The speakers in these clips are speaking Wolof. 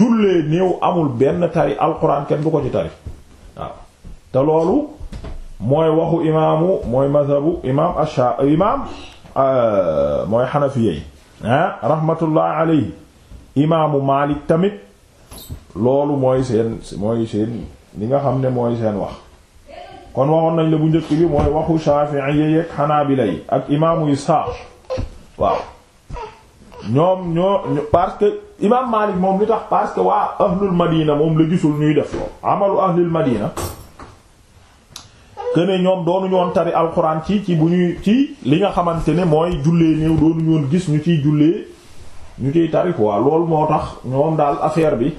jullee néew amul benn tari alquran kenn du ko ci tari waaw loolu mooy waxu imaamu mooy mazhabu imaam asha euh, ah, imaamu Maalik tamit loolu mooy seen mooy li nga xam ne mooy seen wax kon waxoon nañ la bu njëkk bi mooy waxu Shaafi'i yeeg ak imaamu Isaaq ñoom ñoo parce que imaam Maalik moom li tax parce que waa ahlul madina moom la gisul ñuy def lool amalu ahlul madina que ñoom doonuñu woon tari alxuraan ci ci bu ñuy ci li nga xamante ne mooy jullee néew doonuñu woon gis ñu ciy jullee ñu ciy tari quoi loolu moo tax ñoom daal affaire bi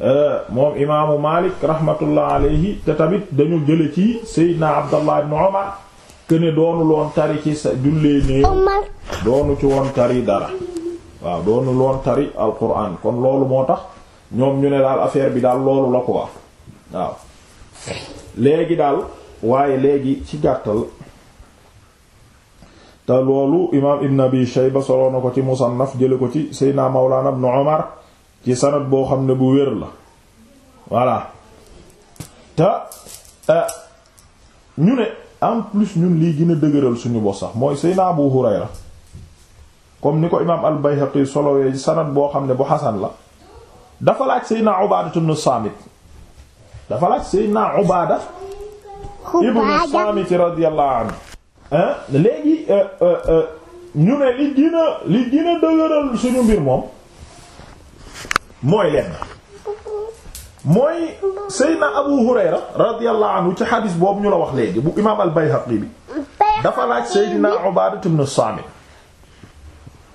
euh, moom imaamu Maalik rahmatullah alayhi te tamit dañu jële ci Seydina Abdallah ibn Umar que doonu loon tari ci sa jullee néew doonu ci woon tari dara waaw doonu loon tari alquran kon loolu moo tax ñoom ñu ne daal affaire bi daal loolu la ko wax waaw léegi daal waaye léegi ci gàttal te loolu imaam ibn abi shayba soloo na ko ci musannaf jële ko ci seydna mawlana ibn umar ci sanad boo xam ne bu wér la voilà te euh, ñu ne en plus ñun lii gën a dëgëral suñu bos sax mooy seydna abu hurayra comme ni ko imaam al-Bayhaqi solowee sanad boo xam ne bu xasan la dafa laaj Seydina Ubaada ibn Saamit dafa laaj Seydina Ubaada ibn Saamit radiyallahu anhu léegi euh, euh, euh, ñu ne li gën dëgëral suñu mbir moom mooy lenn mooy Seydina Abu Hurayra radiyallahu anhu ci xadiis boobu ñu la wax léegi bu imaam al-Bayhaqi bi dafa laaj Seydina Ubaada ibn Saamit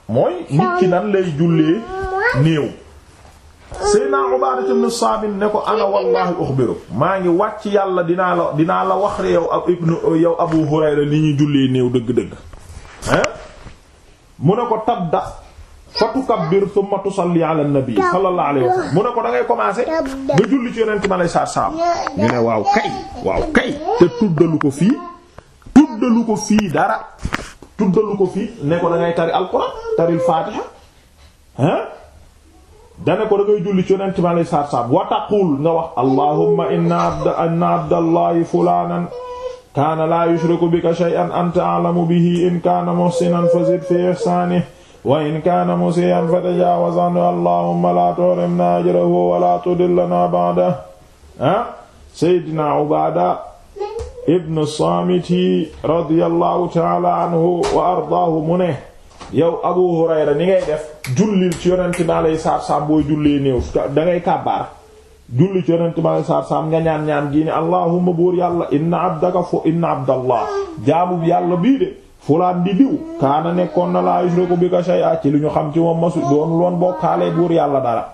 mooy nit ki nan lay jullee néew Seydina Ubaada ibn Saamit ne ko ana wallahi uxbiru maa ngi wàcc yàlla dinaa la dinaa la wax yow ab yow Abu Hurayra li ñuy jullee néew dëgg-dëgg mu ne ko tabda fa tukabbir thumma tusalli ala nabi la alayhi wa sallam mu ne ko da ngay commencer nga julli ci yonent ma lay saar saam ñu ne waaw kay waaw kay te tuddalu ko fii tuddalu ko fii dara tuddalu ko fii ne ko da ngay tari alquran taril fatiha hein dane ko da ngay julli anta a'lamu bihi in kaana muhsinan fazid fi ihsanihi wa in kaana musii'an fatajawaz anhu la tuhrimna ajrahu wa la tudillana ba'dahu ha ibn saamiti radiyallahu taala anhu wa ardaahu mu ne yow abu hurayra ni ngay def jullil ci yonente bi alayhi salaatu salaam booy jullee néew da ngay kàbbaar julli ci yonente bi alayhi salaatu salaam nga ñaan ñaan gii ne allahumma buur yàlla inna abdaka fu inna abdallah jaabub yàlla bii de fulaan di diw kaana nekkoon na laa bi bika shay'a ci lu ñu xam ci moom masu doon loon kaalee buur yàlla dara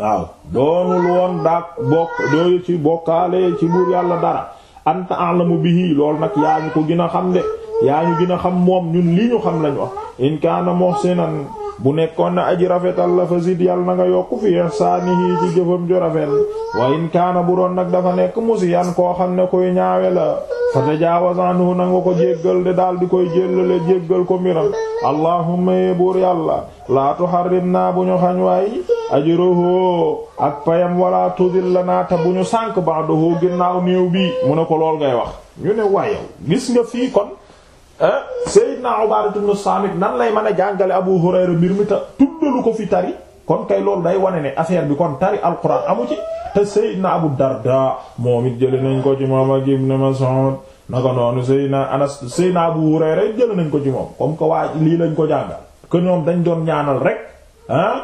waaw doonul woon daag bokk dooyu ci bokkaale ci buur yàlla dara anta a'lamu bihi loolu nag yaa ñu ko gën a xam de yaa ñu gën a xam moom ñun lii ñu xam lañ wax in kaana muhsinan bu nekkoon na aji rafetal la fa zid yàlla na nga yokku fi ihsaanihi ci jëfam ju rafet wa in kaana bu doon nag dafa nekk musiyan koo xam ne koy ñaawe a fa tajaawaz anhu na nga ko jéggal de daal di koy jéllale jéggal ko mbiram allahumma yee buur yàlla laa tuharrimna bu ñu xañ waay ajruhu ak payam wala tudillana ta bu ñu sànk ba'dahu ginnaaw néew bi mu ne ko lool ngay wax ñu ne waayow gis nga fii kon Seydina Ubaadatu ibn Saamit nan lay mën a jàngale Abu Hurayra mbir mi te tuddalu ko fi tari kon kay loolu day wane ne affaire bi kon tari alquran amu ci te na Abu Darda moom it jële nañ ko ci moom ak Ibn Mas'ud naka noonu Seydina Anas Seydina Abu Hurayra jële nañ ko ci moom comme que waa lii lañ ko jàngal que oom dañ doon ñaanal rek ah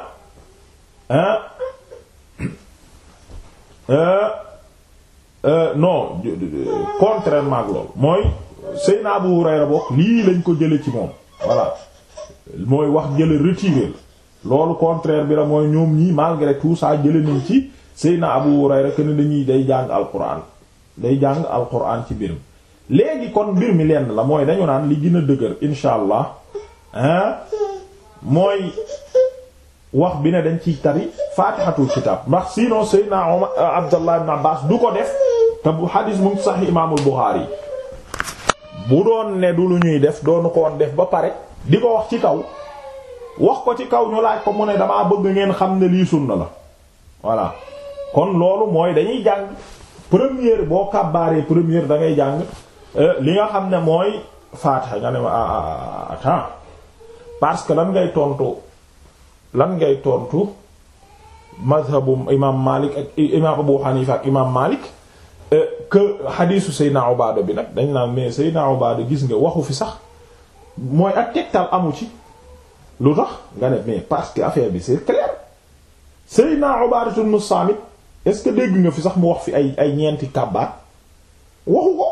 ah non contrairement ak loolu mooy Seydina Abu Hurayra bokk lii lañ ko jële ci moom voilà mooy wax jële retiré loolu contraire bi la mooy ñoom ñii malgré tout ça jële nañ ci Seydina Abu Hurayra que ne dañuy day jàng alquran day jàng alquran ci mbir léegi kon mbir mi lenn la mooy dañu naan li gën a dëgër insha allah mooy wax bi ne dañ ci tari faatihatul kitaab ndax sinon Seydina Omar Abdallah ibn du ko def te bu hadis mu ngi sax imaamul Buxaari bu doon ne du lu ñuy def doonu ko won def ba pare di ko wax ci kaw wax ko ci kaw ñu laaj ko mu ne damaa bëgg ngeen xam ne lii sunna la voilà kon loolu mooy dañuy jàng première boo kàbbaaree première da ngay jàng euh, li nga xam ne mooy faatiha nga ne ma ah, ah, ah, attends parce que lan ngay tontu lan ngay tontu mazhabu imam Malik ak imam Abu Hanifa ak imam Malik Euh, que xadiisu Seydina Ubaada bi nag dañ naan mais Seydina Ubaada gis nga waxu fi sax mooy ak tegtal amu ci lu tax nga ne mais parce que affaire bi c'est clair Seydina Ubaadatu ibn Saamit est-ce que dégg nga fi sax mu wax fi ay ay ñeenti kàbbaat waxu ko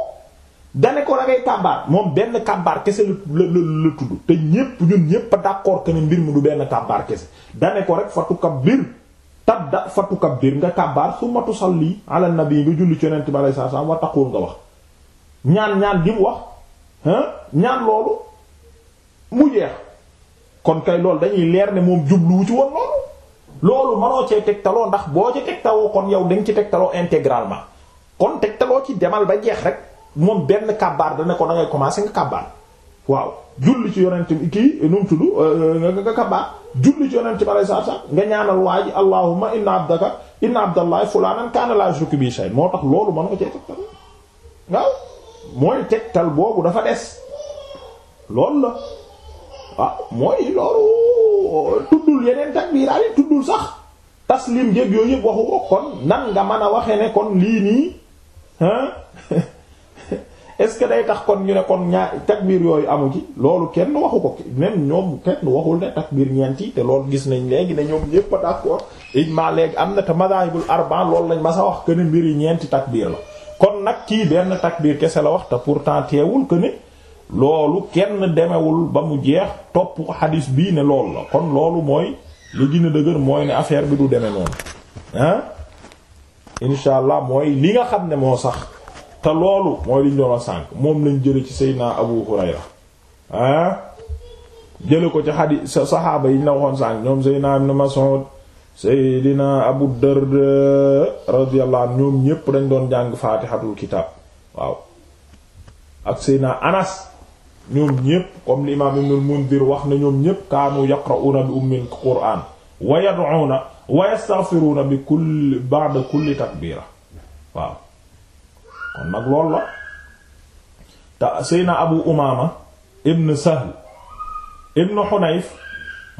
dane ko da kàbbaar moom benn kàbbaar kese la la la tudd te ñépp ñun ñépp d'accord que mbir mu du benn kàbbaar kese dane ko rek fatu kabbir tabda fa tukabbir nga kàbbaar summa tusalli na bii nga julli ci yonent bi alayhi salaam wa taqul nga wax ñaan ñaan gi mu wax ñaan loolu mu jeex kon kay loolu dañuy leer ne moom jubluwu ci woon loolu loolu manoo cee tegtaloo ndax boo ci tegtaloo kon yow dañ ci tegtaloo intégralement kon tegtaloo ci demal ba jeex rek moom benn kàbbaar dana ko da ngay commencer nga kàbbaar waaw julli ci yonent bi kii nu mu tudd euh, euh, nga kabbaat julli ci yonent bi alayhi salaam nga ñaanal waa ji inna abdaka inna abdallahi fulaanan kaana laa yushriku bi moo tax loolu mën nga cee tegtal boobu dafa des loolu la waaw ah, mooy loolu tuddul yeneen takbiiraat yi tuddul sax taslim jéeg yooyu yëpp waxu ko kon nan nga mën a waxee ne kon lii nii est-ce que day tax kon ñu ne kon ñaa takbiir yooyu amu loolu kenn waxu ko même ñoom kenn waxul ne takbiir ñeenti te loolu gis nañ léegi ne ñoom ñépp a d'accord ijmaa léegi am na te madaahibul arba loolu lañ masa wax que ne mbir yi ñeenti takbiir la kon nag kii benn takbiir kese la wax te pourtant teewul que ne loolu kenn demewul ba mu jeex topp xadiis bii ne loolu la kon loolu mooy li gën a dëgër mooy ne affaire bi du demee noonu ah incha mooy li nga xam ne moo sax te loolu mooy liñ doon a sànk moom lañ jële ci Seydina Abu Hurayra ah jële ko ci xadi sa saxaaba yiñ la waxoon sànk ñoom Seydina Ibn Mas'ud Seydina Abu Darda radiyallahu anhu ñoom ñépp dañ doon jàng faatixatul kitaab waaw ak Seydina Anas ñoom ñépp comme l'imam Ibn al-Mundhir wax na ñoom ñépp kaanu yaqra'una bi ummil qur'an wa yad'una wa yastaghfiruna bi kulli ba'da kulli takbira waaw kon nag loolu la te seyna abu umaama ibn sahl ibn xunayf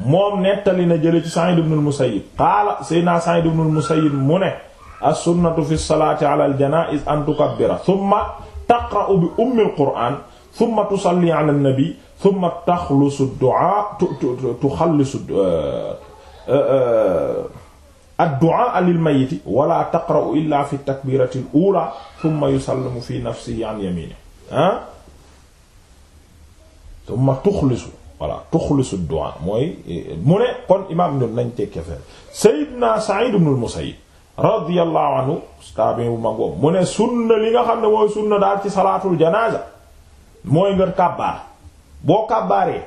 moom nettali na jële ci sa'id ibn al-musayyib qaala seyna sa'id ibn al-musayyib mu ne as-sunnatu fi salaati ala al-janaa'iz an tukabbira thumma taqra'u bi ummi al-qur'aan thumma tusalli ala an-nabi thumma taxlusu ad-du'aa tuxallisu euh, euh, euh, ad-du'a lil mayyit wala taqra'u illa fi takbirati al-ula thumma yusallimu fi nafsihi an yamini ah thumma tuxlisu voilà tuxlisu ad-du'a mooy mu ne kon imaam ñun nañ tekkee fee Seydina Sa'id ibn al-Musayyib radiyallahu anhu tabi bu mag boobu mu ne sunna li nga xam ne mooy sunna daal ci salaatul janaza mooy nga kàbbaar boo kàbbaaree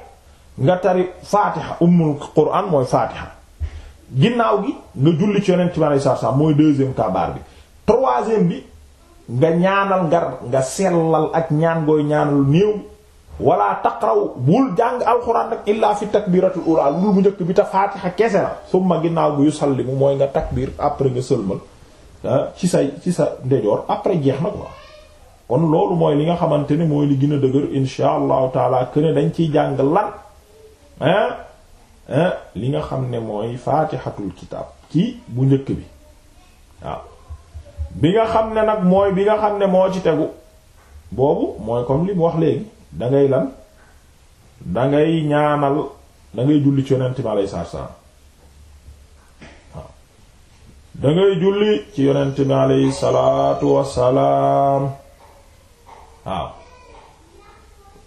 nga tari fatiha ummul qur'an mooy fatiha ginnaaw gi nga julli ci yonent bi alei satu salaam mooy deuxième kabaar bi troisième bi nga ñaanal ngar nga sellal ak ñaan gooy ñaanal néew wala taqraw bul jàng alxuraan nag illaa fi takbiratul ula lul bu njëkk bi ta faatixa kese la summa ginnaaw bu yu sallimu mooy nga takbir après nga sëlmal ah, ci say ci sa ndejoor après jeex na quoi kon loolu mooy li nga xamante ni mooy li gina a dëgër insha allahu taala dañ ciy jàng lan hein ah, hein ah, li nga xam ne mooy faatixatul kitaab ci bu njëkk bi waaw bi nga xam ne nag mooy bi nga xam ne moo ci tegu boobu mooy comme li mu wax léegi da lan da ñaanal dangay ngay julli ci yonent bi alayhi salaam waaw da ngay ci yonent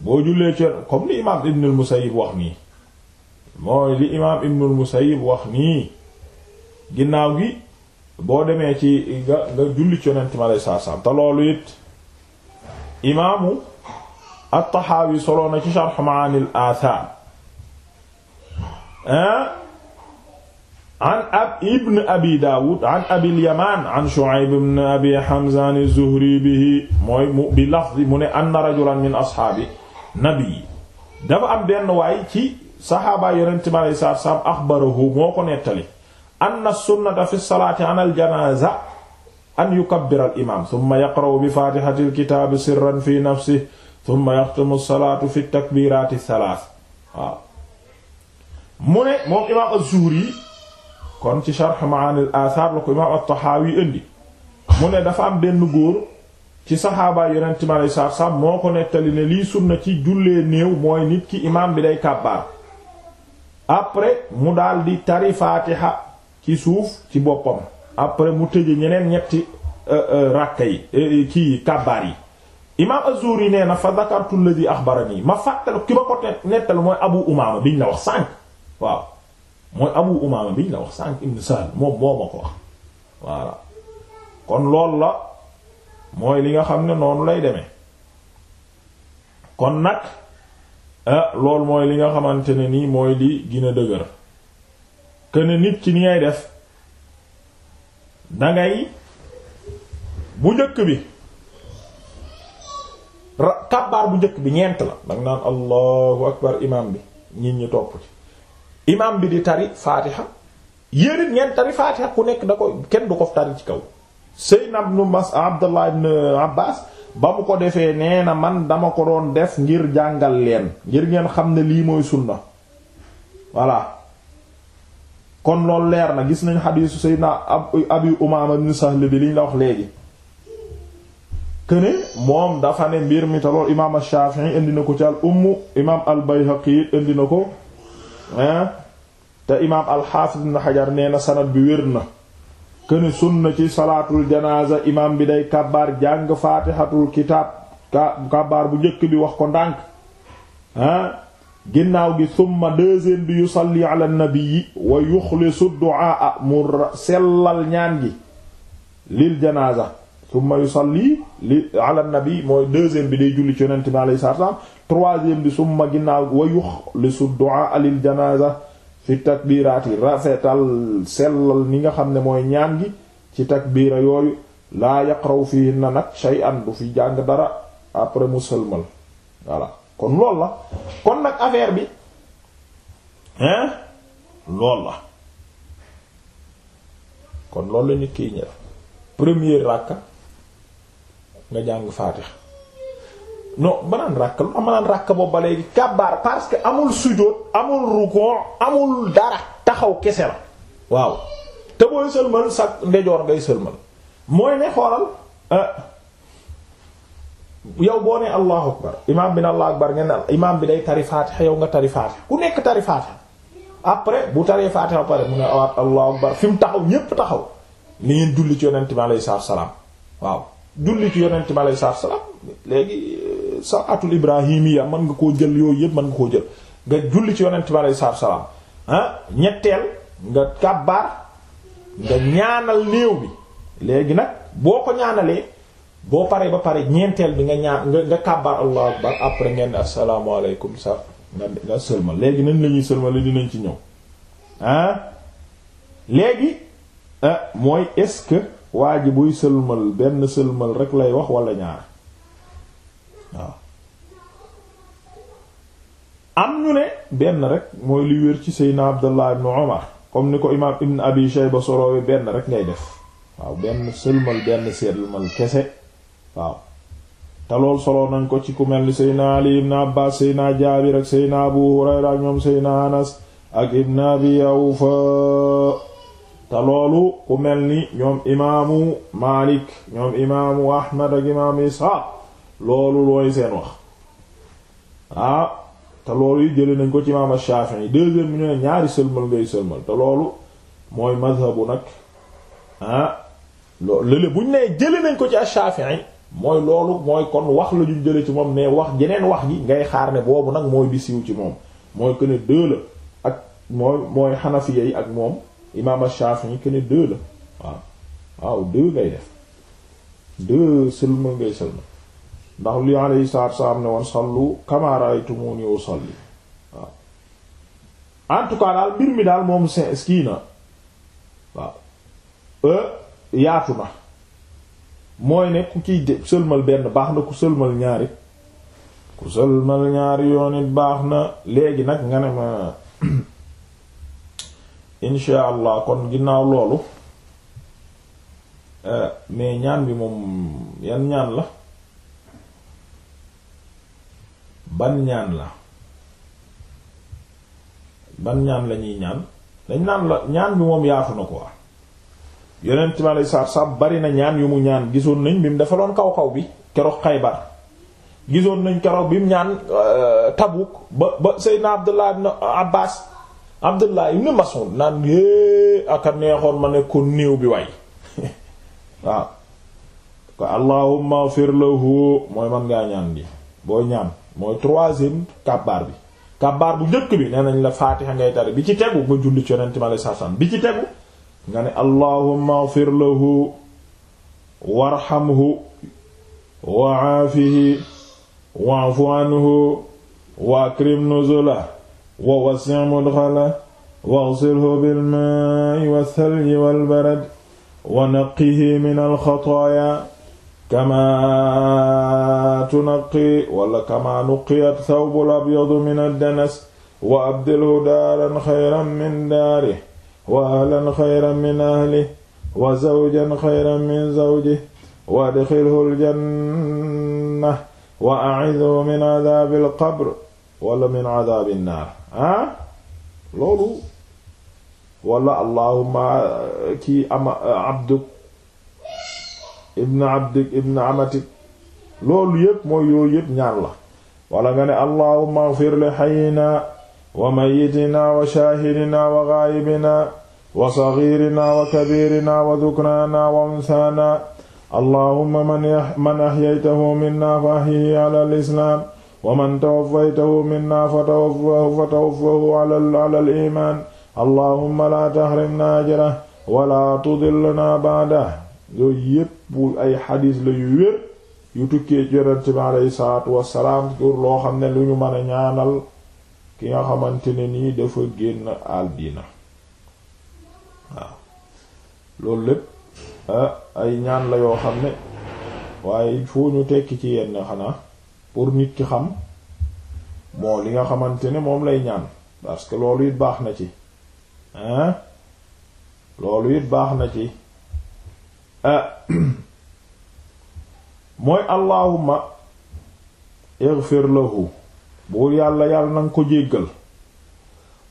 boo jullee ci comme li imaam Ibnul Musayyib wax nii mooy li imaam Ibnul Musayyib wax nii. ginnaaw gi boo demee ci nga nga julli ci yonent mi aleyhi te loolu it imaamu at-Tahawi soloo ci Sharh Ma'aanil Aasaar an ibn abi Daawud ibn Abi Hamza zuhri bihi mooy mu bi lafzi mu ne anna rajulan min ashaabi nabi dafa am benn waay ci saxaaba yonent mi aleyhi moo ko nettali anna sunnata fi salaati janaaza an yukabbira al imaam thumma yaqra'u bi faatihati kitaabi sirran fi nafsihi thumma yaxtimu salaatu fi takbiraati thalath mu ne moom imaam az-Zuhri kon ci sharh ma'aani al-aasaar la ko imaam at-Tahaawi mu ne dafa am benn góor ci saxaabaa yonent mi alayhi moo ko nettali ne lii sunna ci jullee néew mooy nit ki imaam bi day kàbbaar après mu daal di tari faatiha ci suuf ci boppam après mu tëje ñeneen ñetti euh, euh, ràkka yi ci euh, kàbbaar yi imam az yi nee na fa dhakartu alladhi akhbarani ma fàttali ki ma ko nettal mooy Abu Umaama biñ la wax sànq waaw mooy Abu Umaama sànq ibn Sahl moom moo ma ko wax voilà kon loolu la mooy li nga xam ne noonu lay deme kon nag loolu mooy li nga xamante ne nii mooy li gën a dëgër ne nit ci ni ngay def dangay bu njëkk bi ra kàbbaar bu njëkk bi ñeent la danga naan allahu akbar imam bi nit ñi topp ci imam bi di tari faatiha yéenit ngeen tari faatiha ku nekk da koy kenn du ko tari ci kaw Seydina ibn Mas Abdullah ibn Abbas ba mu ko defee nee na man dama ko doon def ngir jàngal leen ngir ngeen xam ne lii mooy sunna voilà kon loolu leer na gis nañ xadiisu sayyidina abi umaama ibn sahl bi liñ la wax léegi këne moom dafa ne mbir mi te loolu imaam ash-shafi'i indi na ko ci al umm imaam al bayhaqi na ko te imaam al xaafis ibn xajar nee na sanad bi wér na këne sunna ci salaatul janaaza imaam bi day kabaar jàng faatixatul kitaab kabaar bu njëkk bi wax ko ndànk ginnaaw gi summa deuxième bi yusalli ala nabii wa yuxlisu duaa mu sellal ñaan gi lil janaza summa yusalli li ala nabi mooy deuxième bi day julli ci yonent bi alayhi salaatu salaam bi summa ginnaaw wa yuxlisu duaa lil janaza fi takbiraati rafetal sellal ni nga xam ne mooy ñaan gi ci takbira yooyu laa yaqraw fiihinna nag shay'an du fi jàng dara après mu sëlmal kon lool la kon nag affaire bi hein lool la kon loolu la nit kiy ñëw premier ràkka nga jàng faatix non banaan ràkk lu am naan ràkk boobu ba léegi kàbbaar parce que amul sujóot amul rukoo amul dara taxaw kese la waaw te booy sëlmal sa ndejoor ngay sëlmal mooy ne xoolal euh, yow boo ne allahu akbar imaam bi ne allahu akbar ngeen ne imaam bi day tari faatiha yow nga tari faatiha ku nekk tari faatiha après bu taree faatiha pare mu ne awaat allahu akbar fi mu taxaw ñépp taxaw ni ngeen julli ci yonent bi alayhi salaam waaw julli ci yonent bi alayhi salaam léegi euh, salaatul ibrahimiya mën nga koo jël yooyu yépp mën nga koo jël nga julli ci yonent bi alayhi salaam ah ñetteel nga kàbbaar nga ñaanal néew bi léegi nag boo ko ñaanalee boo paree ba pare ñeenteel bi nga ñaan nga nga kàbbar allahu akbar après ngeen ne asalaamaaleykum sa nga nga sëlmal léegi nañ la ñuy sëlmal dinañ ci ñëw léegi eh, mooy est-ce waa ji buy sëlmal benn sëlmal rek lay wax walla ñaar waaw am ñu ne benn rek mooy li wér ci Seydina Abdallah ibn Umar comme ni ko imaam Ibn Abi Shayba soroowe benn rek ngay def waaw benn sëlmal benn sëlmal kese waaw te lool solo nañ ko ci ku mel ni seydna ali ibn abbas seydna jaabir ak na abu hurayra ak ñoom seydna anas ak ibn abi awfa te loolu ku mel ni ñoom imaamu malik ñoom imaamu ahmad ak imaamu isxaaq loolu looy seen wax ah, te loolu yi jële nañ ko ci imaam shafii deuxième mu ne ñaari sëlmal ngay sëlmal te loolu mooy mazhabu nag ah loolu lële buñ nee jële nañ ko ci shafii mooy loolu mooy kon wax la ñu jële ci moom mais wax jeneen wax gi ngay xaar ne boobu nag mooy bi siiw ci moom mooy que ne la ak mooy mooy xanafiya yi ak moom imaam Shafi'i que ne deux la waaw waaw deux ngay def deux sëlma ngay sëlma ndax li alayhi salaatu wassalaam ne woon sallu kamaa ra'aytumuuni usalli waaw en tout cas daal mbir mi daal moom s kii na waaw euh, yaatu na mooy ne ku kiy sëlmal benn baax na ku sëlmal ñaari ku sëlmal ñaari yoon it baax na léegi nag nga ne ma insha allah kon ginnaaw loolu euh, mais ñaan bi moom yan ñaan la ban ñaan la ban ñaan la ñuy ñaan dañ naan la ñaan bi moom yaaxu na ko yonent mi aleyhi salaatu bari na ñaan yu mu ñaan gisoon nañ bi mu defaloon kaw kaw bi keroog Xaybar gisoon nañ keroog bi mu ñaan euh, Tabuk ba ba Seydina Abdullah ibn Abbas Abdullah ibn Mas'ud naan é aka neexoon ma ne néew bi waay waaw ko allahumma fir lahu mooy man ngaa ñaan bi booy ñaan mooy troisième kabbaar bi kabbaar bu njëkk bi nee nañ la Faatiha ngay tari bi ci tegu nga julli ci yonent mi bi ci tegu nga ne allahumma ighfir lahu warhamhu wa aafihi wa'fu anhu wa akrim nuzulahu wa wassi' mudkhalahu waghsilhu bil-maa'i wath-thalji wal-barad wa naqqihi min al-khataaya kamaa tunaqqi wala kamaa nuqqiya ath-thawbu al-abyadu min ad-danas wa abdilhu daaran khayran min daarihi wa ahlan xayran min ahlihi wa zawjan xayran min zawjihi wa adxilhu aljanna wa a'idhu min adhaabi alqabr wala min adhaabi nnaar ah loolu wala allahumma eh, kii ama eh, abduk ibn abdik ibn amatik loolu yépp mooy yooyu yépp ñaan la wala nga ne allahumma ighfir li hayyina wa mayyitinaa wa shaahidinaa wa gaa'ibinaa wa sagiirinaa wa kabiirinaa wa dhukraanaa wa unsaanaa allahumma man ahyaytahu minnaa fa ahyihi alal islaam wa man tawaffaytahu minnaa fa tawaffahu alal iimaan allahumma laa tahrimnaa ajrahu wa laa tudilnaa ba'dahu yooyu yépp ay xadiis la yu wér yu tukkee Yonent bi alayhi salaatu wa salaam loo xam ne lu ñu mën a ñaanal ki nga xamante ne nii dafa génn àddina waaw loolu lépp ah, ay ñaan la yoo xam ne waaye il ñu tekki ci yenn xanaa pour nit ci xam bon li nga xamante ne moom lay ñaan parce que loolu it baax na ci hein ah. loolu it baax na ci ah. mooy allahumma ighfir buur yàlla yàlla nanga ko jéggal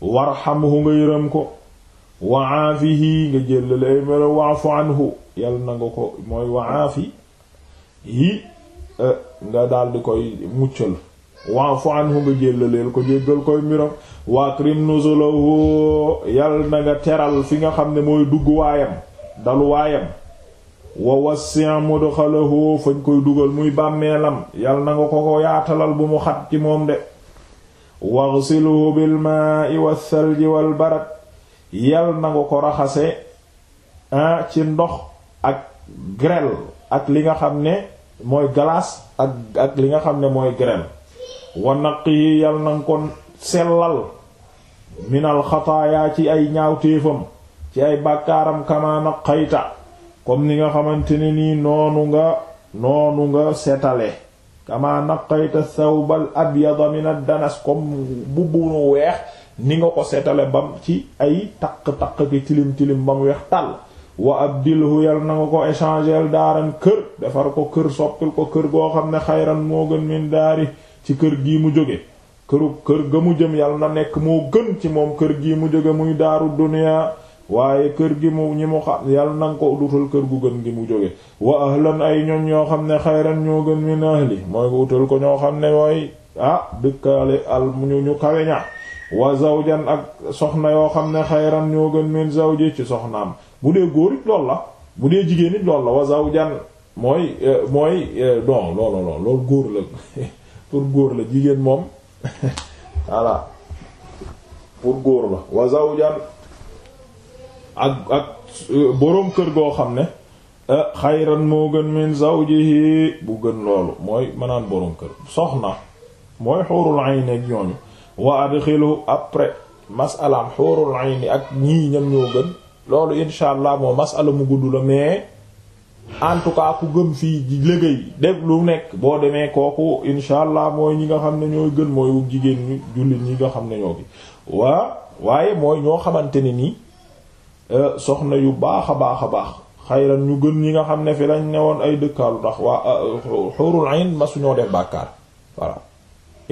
warhamhu nga yërëm ko wa aafihi nga jéllale ay melo waafu anhu yàlla nanga ko mooy wa aafi yi eh, nga daldi koy muccal waafu anhu nga jéllaleel ko jéggal koy mbiram waakrim nuzulahu yàlla na nga teral fi nga xam ne mooy dugg waayam dalu waayam wa wassi' mudxalahu fañ koy dugal muy bàmmeelam yal na ko ko yaatalal bu mu xat ci moom de waghsilhu bil maa'i was-salji wal barad yal na ko raxase ci ndox ak grêle ak li nga xam ne mooy glace ak ak li nga xam ne mooy grêle wa naqqihi yal na ko sellal minal xataayaa ci ay ñaawteefam ci ay bàkkaaram kama naqayta comme ni nga xamante ne nii noonu nga noonu nga seetale setale kama sew bal abyada min ad-danas comme bubbu nu weex ni nga ko setale bam ci ay taq-taq ki tilim-tilim ba mu weex tàll wa abdilhu yal na nga ko échanger daaran kër defar ko kër soppil ko kër goo xam ne xayran moo gën min daari ci kër gi mu jóge këru kër ga mu jëm yal na nekk moo gën ci moom kër gi mu jóge muy daaru duniya waaye kër gi mu ñi mu xam yàlla na nga ko utal kër gu gën gi mu jóge wa ahlan ay ñoñ yoo xam ne xayran ñoo gën min ahli mooy ko utal ko ñoo xam ne mooy ah dëkkaale al mu ñu ñu kawe ña wa zawjan ak soxna yoo xam ne xayran ñoo gën min zawji ci soxnaam bu dee góor it lool la bu dee jigéen it lool la wa zawjan mooy euh, mooy don loolo lool góor la pour góor la jigéen moom voilà pour góor la wa zawjan ak euh, boroom kër goo xam ne euh, xayran moo gën min zawjihi bu gën loolu mooy mënaan boroom kër soxna mooy xuurul ayni ak ñooñu wa adxilu après masalaam xuurul ak ñii ñam ñoo gën loolu insha allah moo masala mu gudd la mais en tout cas ku gëm fii liggéey def lu nekk boo demee kooku insha allah mooy ñi nga xam ne ñooy gën mooy jigéen ñi jullit ñi nga xam ne ñoo gi waa waaye mooy ñoo xamante ne nii Euh, soxna yu baax a baax a baax xayran ñu gën ñi nga xam ne fi lañ newoon ay dëkkaalu ndax waa euh, xurul ayn masuñoo def bàkkaar voilà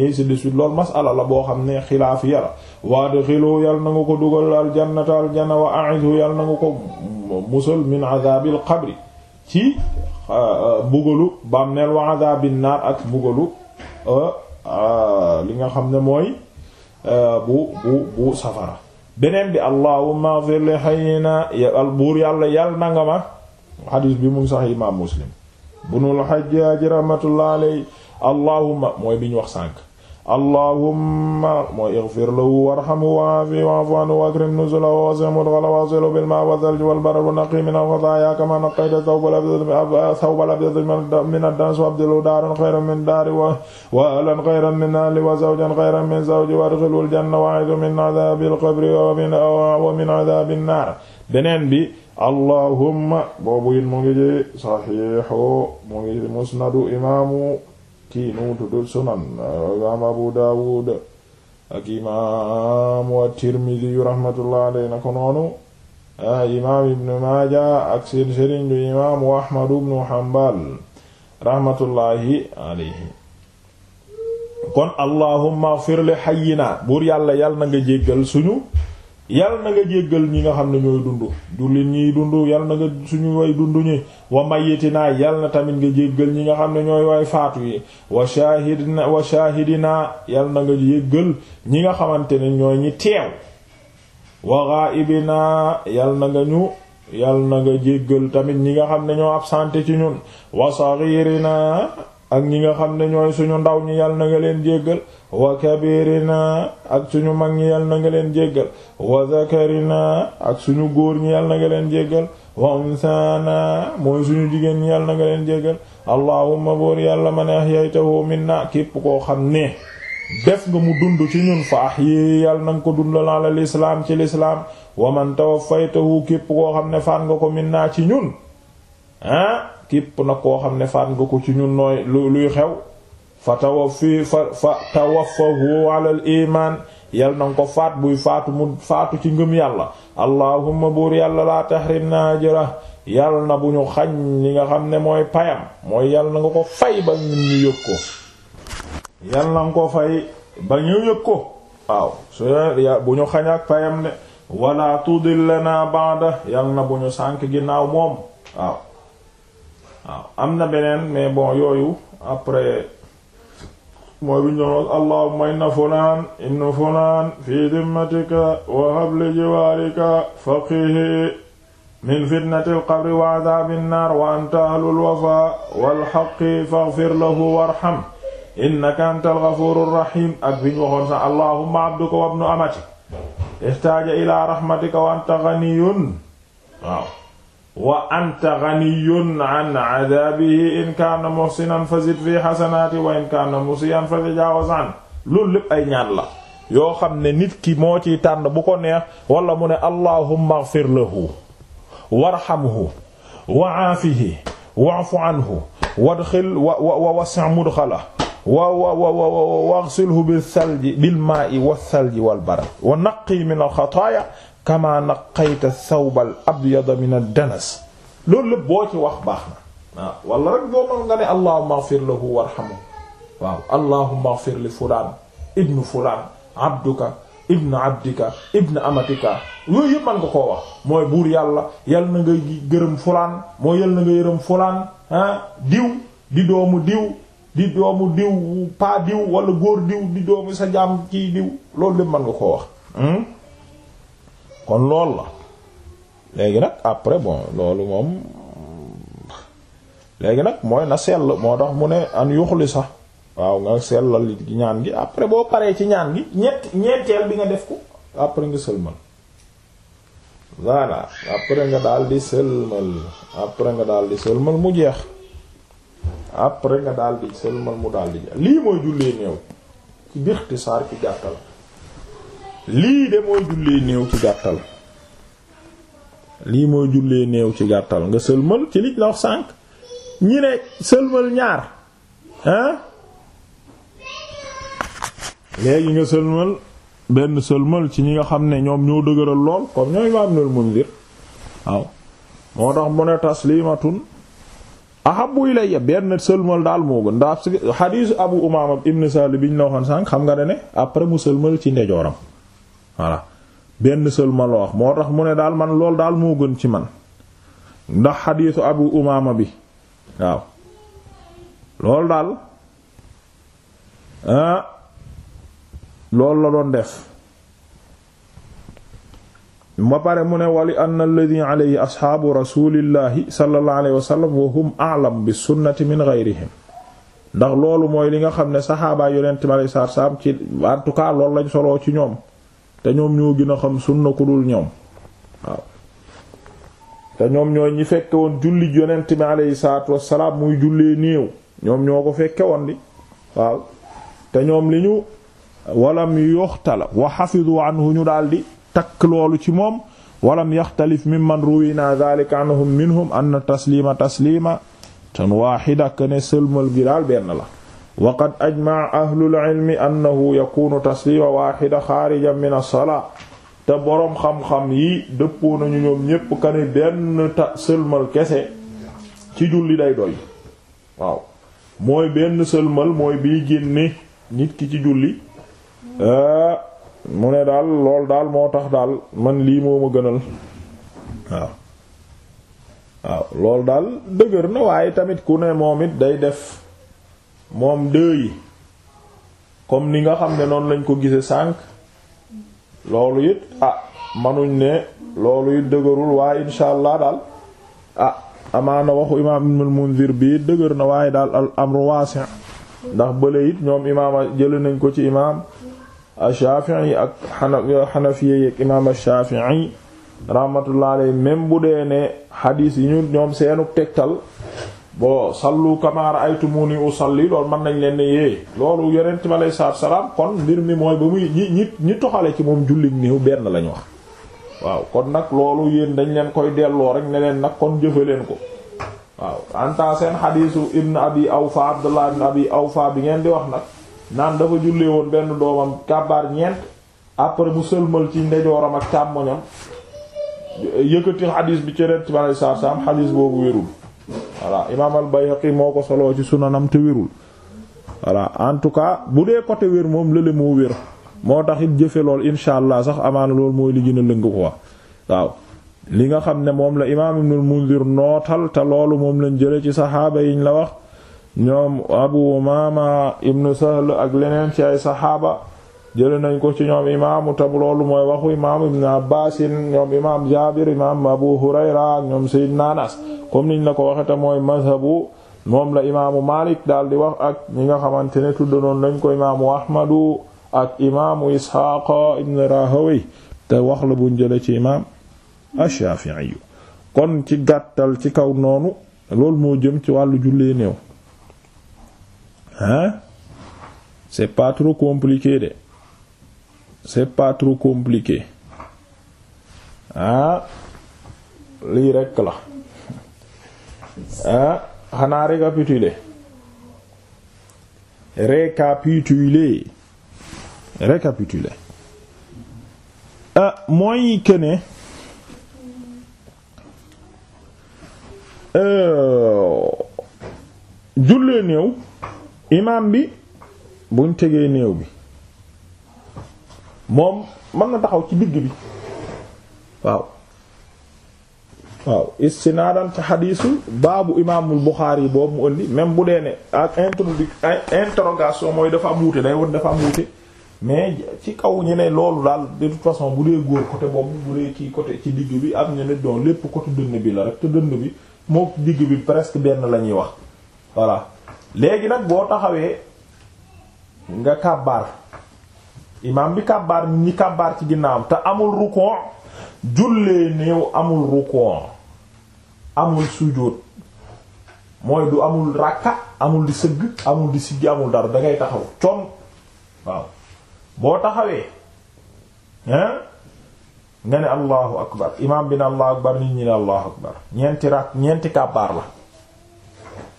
ainsi de suite loolu masala la boo xam ne xilaaf yara waadxilu yal na nga ko dugal aljannata aljanna wa a'idhu yal na nga ko musal min adhabil euh, ak mbugalu li nga xam ne mooy bu bu bu safara beneen bi allahumma ighfir li hayyina buur yàlla yàlla na nga ma xadiis bi mu sax imaam muslim bunul xajjaaj rahmatullah aley allahumma mooy bi ñu wax sànk allahumma mooy ighfir lahu warhamhu wa'afihi wa'fu anhu wa akrim nuzulahu wa wasi' mudkhalahu wa asilu bil ma'i wa thalji wal barad wa naqi min al-khataaya kama naqayta thawbal abyad min ad-dans wa abdilhu daaran khayran min daari wa ahlan khayran min ahli wa zawjan khayran min zawji wa adkhilhu al-janna wa'idhu min 'adhaabil qabri wa min 'adhaabin naar beneen bi allahumma boobu it mu ngi ci sahihu mu ngi musnadu imaamu kii nu mu Abu Dawud ak imaam at-Tirmidhi rahmatullah na ko noonu imaam Ibn Maaja ak seen sëriñ kon allahumma ighfir li hayyina buur yàlla yàlla na nga jéggal yal na nga jéggal ñi nga xam ne ñooy dund jullit ñiy dund yal na nga suñu way dund ñi wa mayyitinaa yal na tamit nga jéggal ñi nga xam ne ñooy way faatu yi wa shahidina wa shahidina yal na nga jéggal ñi nga xamante ne ñooy ñi teew wa ghaibina yal na nga ñu yal na nga jéggal tamit ñi nga xam ne ñoo absenté ci ñun wa saghirina ak ñi nga xam ne ñooy suñu ndaw ñi yal na nga leen jéggal wa kabirina ak suñu mag ñi yal na nga leen jéggal wa zakarina ak suñu góor ñi yal na nga leen jéggal wa umsana mooy suñu jigéen ñi yal na nga leen jéggal allahumma buur yàlla man ahyaytahu minna képp koo xam ne def nga mu dund ci ñun fa ahyi yàlla na nga ko dundal ala lislaam ci lislaam wa man tawaffaytahu képp koo xam ne faat nga ko minna ci ñun ah képp nag koo xam ne faat nga ko ci ñun nooy luy xew fa tawaffi fa tawaffahu ala al iman yal na nga ko faat buy faatu mu faatu ci ngëm yàlla allahumma buur yàlla laa tahrim na ajra yal na bu ñu xañ li nga xam ne mooy payam mooy yal na nga ko fay ba ñun ñu yëg ko yal na nga ko fay ba ñu yëg ko waaw su bu ñu xañ ak payam ne wala tudillana ba'da yal na bu ñu sànk ginnaaw moom waaw waaw am na beneen mais bon yooyu après mooy bi ñu doon wax allahumma inna fulaan inna fulaan fi dimmatika wa habli jiwaarika faqihi min fitnati alqabri wa adaabi nnaar wa anta ahlul wafa walxaqi faghfir lahu warham innaka antal ghafuurur rahiim ak bi ñu waxoon sax allahumma abduka wa ibnu amatik ihtaja ila rahmatika wa anta ghaniyyun waaw wa anta ganiyun an adabihi in kaana muhsinan fa zid fi xasanaati wa in kaana musiyan fa tajaawaz an loolu lépp ay ñaan la yoo xam ne nit ki moo ciy tànn bu ko neex wala mu ne allahumma ighfir lahu warhamhu wa aafihi wa'fu anhu wadxil wa wa wasi' mudxalahu wa wa wa waghsilhu bil thalji bil maa'i wath thalji wal barad wa naqqi min al xataaya kama naqayta thawbal abyada min ad-danas loolu lépp boo ci wax baax na waaw wala rek boo mën nga ne allahumma ighfir lahu warhamhu waaw allahumma ighfir li fulaan ibnu fulaan abduka ibnu abdika ibnu amatika yooyu yëpp mën nga koo wax mooy buur yàlla yal na nga gërëm fulaan moo yal na nga yërëm fulaan ah diw di doomu diw di doomu diw paa diw wala góor diw di doomu sa jaam kii diw loolu lépp mën nga koo wax hmm? kon loolu la léegi nag après bon loolu moom léegi nag mooy na sell moo tax mu ne an yuxli sax waaw nga sellal li ñaan gi après boo paree ci ñaan gi ñett ñeenteel bi nga def ko après nga sëlmal voilà après nga daal di sëlmal après nga daal di sëlmal mu jeex après nga daal di sëlmal mu daal di jeex lii mooy jullee néew ci bixti saar ci gàttal lii de mooy jullee néew ci gàttal lii mooy jullee néew ci gàttal nga sëlmal ci liñ la wax sànq ñi ne sëlmal ñaar hein léegi nga sëlmal benn sëlmal ci ñi nga xam ne ñoom ñoo dëgëral lool comme ñooy maam nal mundir waaw moo tax mu ne taslimatun ahabbu ilayya benn sëlmal daal moo gën ndax xadiisu abu umaama ibn Sahl biñ la waxoon sànq xam nga ne ne après bu sëlmal ci ndejooram voilà benn seulement moo tax mu ne daal man lool daal moo gën ci man ndax xadiisu abu umaama bi waaw loolu daal ah loolu la doon def ma pare mu ne wali anna alladhi alayhi asxaabu rasulillahi sallallahu alayhi wa sallam wa hum a'lam bi sunnati min ghayrihim ndax loolu mooy li nga xam ne saxaabaa yonent mi alayhi salaam ci en tout cas loolu lañ soloo ci ñoom te ñoom ñoo gën xam sunna ku dul ñoom waaw te ñoom ñooy ñi fekke woon julli yonent bi aleyhi salaatu wassalaam muy jullee néew ñoom ñoo ko fekke woon di waaw te ñoom li ñu walam yoxtala wa xafidu anhu ñu daal di takk loolu ci moom walam yaxtalif mimman ruwina dhalika anhum minhum anna taslima taslima tan waaxida ne sëlmal gi daal benn la waqad ajmaca ahlul ilmi te boroom xam yi dëppoo nañu ñoom ñépp kani benn ta ci julli day doy benn sëlmal mooy biy ci julli eh, mu ne tax daal man lii waaw lool daal dëgër na waaye tamit ku ne moom it day def moom deux yi comme ni nga xam ne noonu lañ ko gisee sànq loolu it ah manuñ ne loolu it dëgërul waaye insha allah daal ah amaana waxu imaam ibnul munzir bi dëgër na waaye daal al amru waasi ndax bële it ñoom imaam jële nañ ko ci imaam Shaafi'i ak Hanafiya ak imaam Shaafi'i rahmatullah alayhi même bu dee ne xadiis yi ñu ñoom seenu tegtal bon sallu kama ra'aytumuni usalli loolu man nañ leen ne yee loolu yonent bi alayhi salaatu salaam kon mbir mi mooy ba muy ñi ñi ñi toxale ci moom jullit néew benn lañ wax waaw kon nag loolu yéen dañ leen koy delloo rek ne nag kon jëfe leen ko waaw anta seen xadiisu ibn abi awfa abdullah ibn abi awfa bi ngeen di wax nag naan dafa jullee woon benn doomam kàbbaar ñeent après mu sëlmal ci ndejooram ak càmmoñam yëkkati xadiis bi ci yonent bi alayhi salaatu salaam xadiis boobu wérul voilà imaam al-Bayhaqi moo ko soloo ci sunanam te wérul voilà en tout cas bu dee côté wér moom lële moo wér moo tax it jëfe lool insha allah sax amaana lool mooy li gën a lëng quoi waaw li nga xam ne moom la imaam ibnul Munzir nootal te loolu moom lañ jële ci saxaaba yiñ la wax ñoom Abu Umaama ibnu Sahl ak leneen ci ay saxaaba jële nañ ko ci ñoom imaamu tab loolu mooy waxu imaam ibn Abbaas ñoom imaam Jaabir imaam Abu Hurayra ak ñoom Seydina Anas comme niñ la ko waxe te mooy mazhabu moom la imaamu Maalik daal di wax ak ñi nga xamante ne tuddanoon nañ ko imaamu Ahmadu ak imaamu Isxaaqa ibn Rahawayh te wax la buñ jële ci imaam Ash-Shaafi'i kon ci gàttal ci kaw noonu loolu moo jëm ci wàllu jullee néew hein c'est pas trop compliqué de c'est pas trop compliqué ah lii rekk la ah xanaa récapituler récapituler récapituler ah mooy que ne euh, jullee néew imaam bi buñ tegee néew bi moom mën na taxaw ci digg bi waaw waaw istinaadan ci xadiisu baabu imaamul Buxaari boobu mu indi même bu dee ne ak introdu interrogation mooy dafa am wuute day won dafa am wuute mais ci kaw ñu ne loolu daal de toute façon bu dee góor côté boobu bu dee kii côté ci digg bi am ñu ne doon lépp côté dënn bi la rek te dënn bi moo digg bi presque benn la ñuy wax voilà léegi nag boo taxawee nga kàbbaar imaam bi kàbbaar ñi kàbbaar ci ginnaawam te amul rukon jullee néew amul rukon amul sujjóot mooy du amul ràkka amul di sëgg amul di siggi amul dara dangay taxaw con waaw boo taxawee hein nga ne allahu akbar imaam bi ne allahu akbar nit ñi ne allahu akbar ñeenti ràkk ñeenti kàbbaar la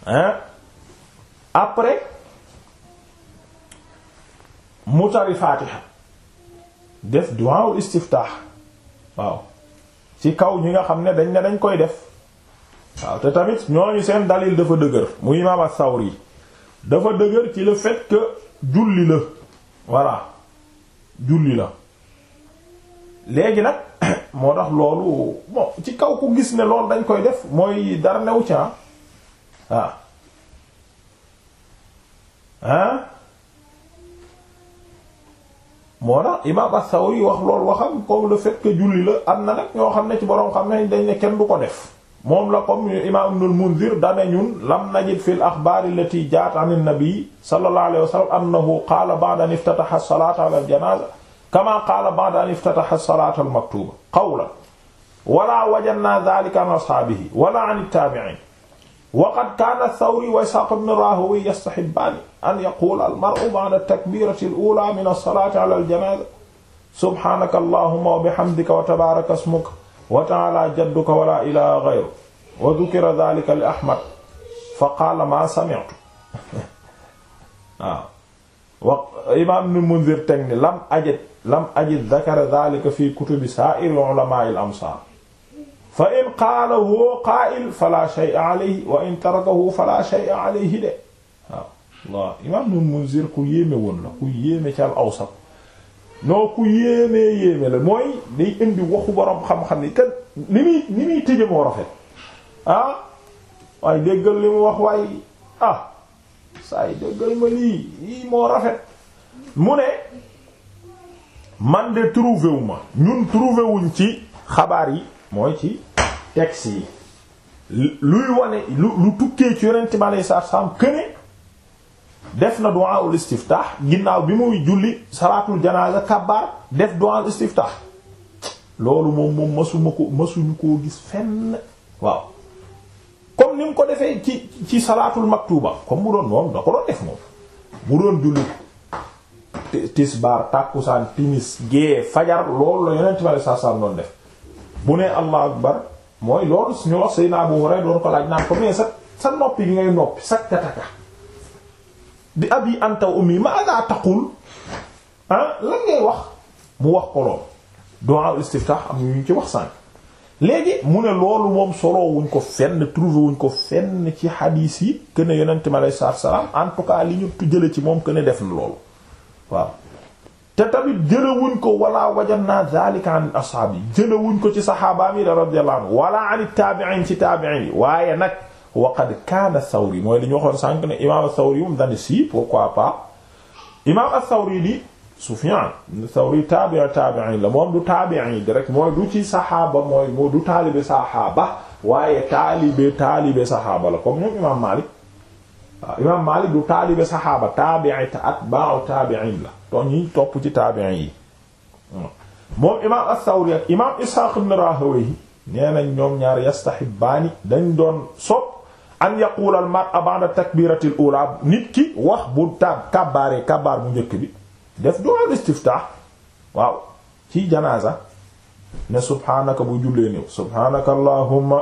hein après mu tari faatiha def duwaawu istiftaax waaw ci kaw ñi nga xam ne dañ ne dañ koy def waaw te tamit ñooñu seen dalil dafa dëgër muy imaam as-Sawri dafa dëgër ci la fait que julli la voilà julli la léegi nag moo tax loolu bon ci kaw ku gis ne loolu dañ koy def mooy dara new ci ah ah moo tax imaam as-Sawi wax loolu waxam comme le fait que julli la am na nag ñoo xam ne ci boroom xam ne dañ ne kenn du ko def moom la comme imaam Ibnul Munzir dane ñun lam najid fil axbaar allati jaat an an-nabi sallallahu alayhi wa sallam annahu qaala ba'da an iftataha as-salaata ala al-janaaza kama qaala ba'da an iftataha as-salaata al-maktuuba qawlan wala wajadna dhaalika an ashaabihi wala an at-taabi'iin waqad kaana Thawri wa Ishaaq ibn Raahawayh yastahibbaan an yaquula al-mar'u ba'da at-takbiirati al-uulaa mina as-salaati ala al-janaaza subhaanaka allaahumma wa bihamdika wa tabaaraka ismuka wa ta'aalaa jadduka wa laa ilaaha ghayruka wa dhukira dhaalika li Ahmad fa qaala maa sami'tu waaw wa imaam Ibn Mundhir teg ni lam ajid lam ajid dhakara dhaalika fii kutubi saa'iri ulamaa'i al-amsaar fa in qaalahu qaa'il fala shay'a alayhi wa in tarakahu fala shay'a alayhi de waaw waaw imaam Ibn Munzir ku yéeme woon la ku yéeme ci al-Awsat noo ku yéemee yéeme la mooy day indi waxu borom xam-xam ni te li muy li moo rafet ah waaye déggal li mu wax waaye ah saa yi déggal ma lii lii moo rafet mu ne man de trouvé wu ma ñun trouvé ci xabaar yi mooy ci texte yi luy wane lu lu tukkee ci yonent bi alayhi salaatu këne def na du'aul istiftah ginnaaw bi muy julli salaatul janaaza kabbaar def du'aul istiftah loolu moom moom masuma ko masuñu koo gis fenn waaw comme ni mu ko defee ci ci salaatul maktuba comme mu doon moom da ko doon def moom mu doon julli tisbaar tàkkusaan timis gée fajar loolu la yonent bi alayhi doon def bu nee allah akbar mooy loolu suñu wax Seydina Abu Hurayra doon ko laaj naan ko mais sa sa noppi gi ngay noppi sak di bi abi anta ummi ma ada taqul ah ngay wax mu wax ko doon du'a istiftah am ñu ci wax sànq léegi mu ne loolu moom soloowuñ ko fenn trouvé wuñ ko fenn ci xadiis yi kën ne yonente mi aleyhi salaatu wa salaam en tout li ñu jële ci moom kën ne def na loolu waaw te tamit jëlewuñ ko wala wajanna zalika an ashaab yi jëlewuñ ko ci saxaabaam yi radiyallahu anhu wala an taabi'in ci taabi'in yi waaye nag wa qad kaana Sawri mooy li ñu waxoon sànq ne imaam Sawri moom daan si pourquoi pas imaam Sawri di Sufyaan Sawri taabi'u taabi'in la moom du taabi'in di rek mooy du ci saxaaba mooy la comme ñoom imaam Maalik waaw imaam Maalik du taalibe saxaaba taabi'i ta atbaa'u taabi'iin la to ñi topp ci taabi'i yi moom imaam as-Sawri ak imaam Isxaaq ibn Raahawayhi nee nañ ñoom ñaar yastahibbaani dañ doon sopp an yaquula al-mar'a ba'da takbiirati al-uulaa nit ki wax bu taab kabbaaree kabbaar bu njëkk bi def du'a istiftaah waaw ci janaaza ne subhaanaka bu jullee néew subhaanaka allahumma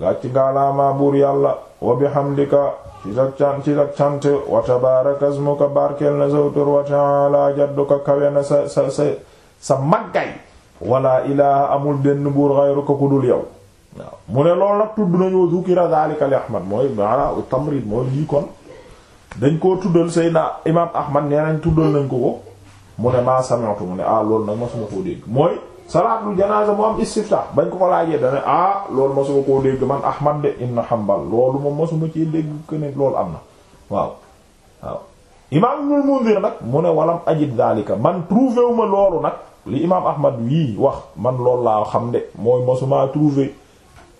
gàcc ngaalaamaa buur yàlla wa bihamdika ci sa cant ci sa cant wa tabaraka ismuka barkeel na sawtur wa taala jadduka kawe na sa sa sa sa maggay wala ilaha amul benn buur xayruka ku dul yow waaw mu ne loolu nag tudd nañu zukira zalika li ahmad mooy maana tamrid mooy lii dañ koo tuddal Seydina imam ahmad nee nañ tuddal nañ ko ko mu ne maa sami'tu mu ne ah loolu nag ma suma koo dégg mooy salaatul janaasa mu am istiftah bañ ko ko laajee dane ah loolu mosuma koo dégg man Ahmad de ibn Hanbal loolu moom mosuma ci dégg que ne loolu am na waaw waaw imaam daalika man trouvé wu nag li imaam Ahmad yii wax man loolu laa xam de mooy mosuma trouvé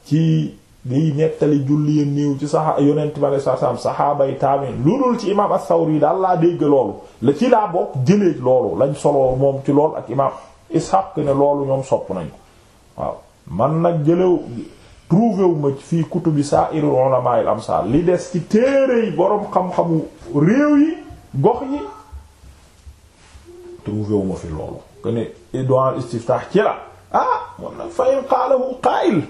ci liy nettali julli yéen néew ci sax yonent bi saa saam saxaaba yi taamiin lu dul ci imaam as-Sawri daal laa dégg loolu la ci laa bokk jëlee loolu lañ solo moom ci lool ak imaam. Ishaq ne loolu ñoom sopp nañ ko waaw man nag jëlew trouvé wu ma fii kutubi sa'irul ulama al amsal li des ci téere yi boroom xam-xamu réew yi gox yi trouvé fi loolu que ne idoal istiftah ci la ah moom nag fayin xaalahu xaayil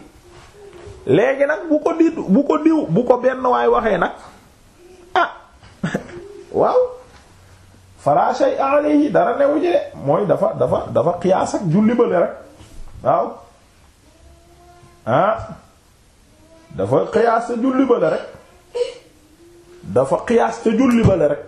léegi nag bu ko di bu ko diw bu ko benn waay waxee nag ah waaw fala shay alayhi dara newu ci de mooy dafa dafa dafa qiyaas ak julli bale rek waaw ah dafa qiyaas ca julli bale rek dafa qiyaas rek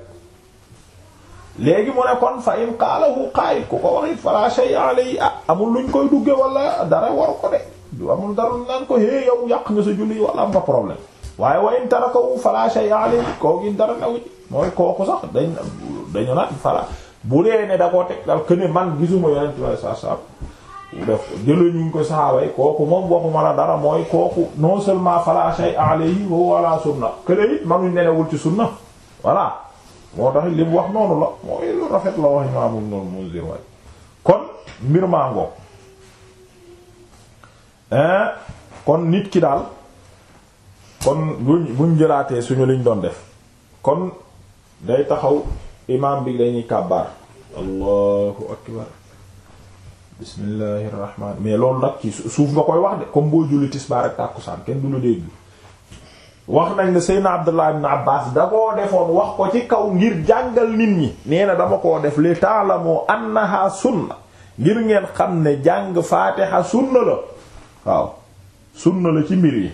léegi mu ne kon fa in qaalahu qaa'il ku ko waxit fala shay alayhi ah amul luñ koy dugge wala dara waru ko de du dara naan ko hé yow yàq nga sa julli wala am nga waaye wa in tarakahu fala shay alayhi koo gi dara newu ci mooy kooku sax dañ dañu naan fala bu dee ne da koo teg dal que man gisuma yonent bi sallallahu alayhi wasallam def ko jëlee ñu ngi ko saxaaba yi kooku moom waxuma la dara mooy kooku non seulement fala shay alayhi wa huwa ala sunna kële it manuñ nenewul ci sunna voilà moo tax li wax noonu la mooy lu rafet la wax imaam Ibnul Munzir waay kon mbir maa ngoog kon nit ki daal kon buñ buñ jëlaatee suñu liñ doon def kon day taxaw imaam bi dañuy kàbbaar allahu akbar bismillahir rahmaan mais loolu nag ci suuf nga koy wax de comme boo julli tisbaar ak tàkkusaan kenn du la dégg wax nañ ne Seydina Abdullah ibn da koo defoon wax ko ci kaw ngir jàngal nit ñi nee na dama koo def li ta'lamu annaha sunna ngir ngeen xam ne jàng faatiha sunna la waaw sunna la ci mbir yi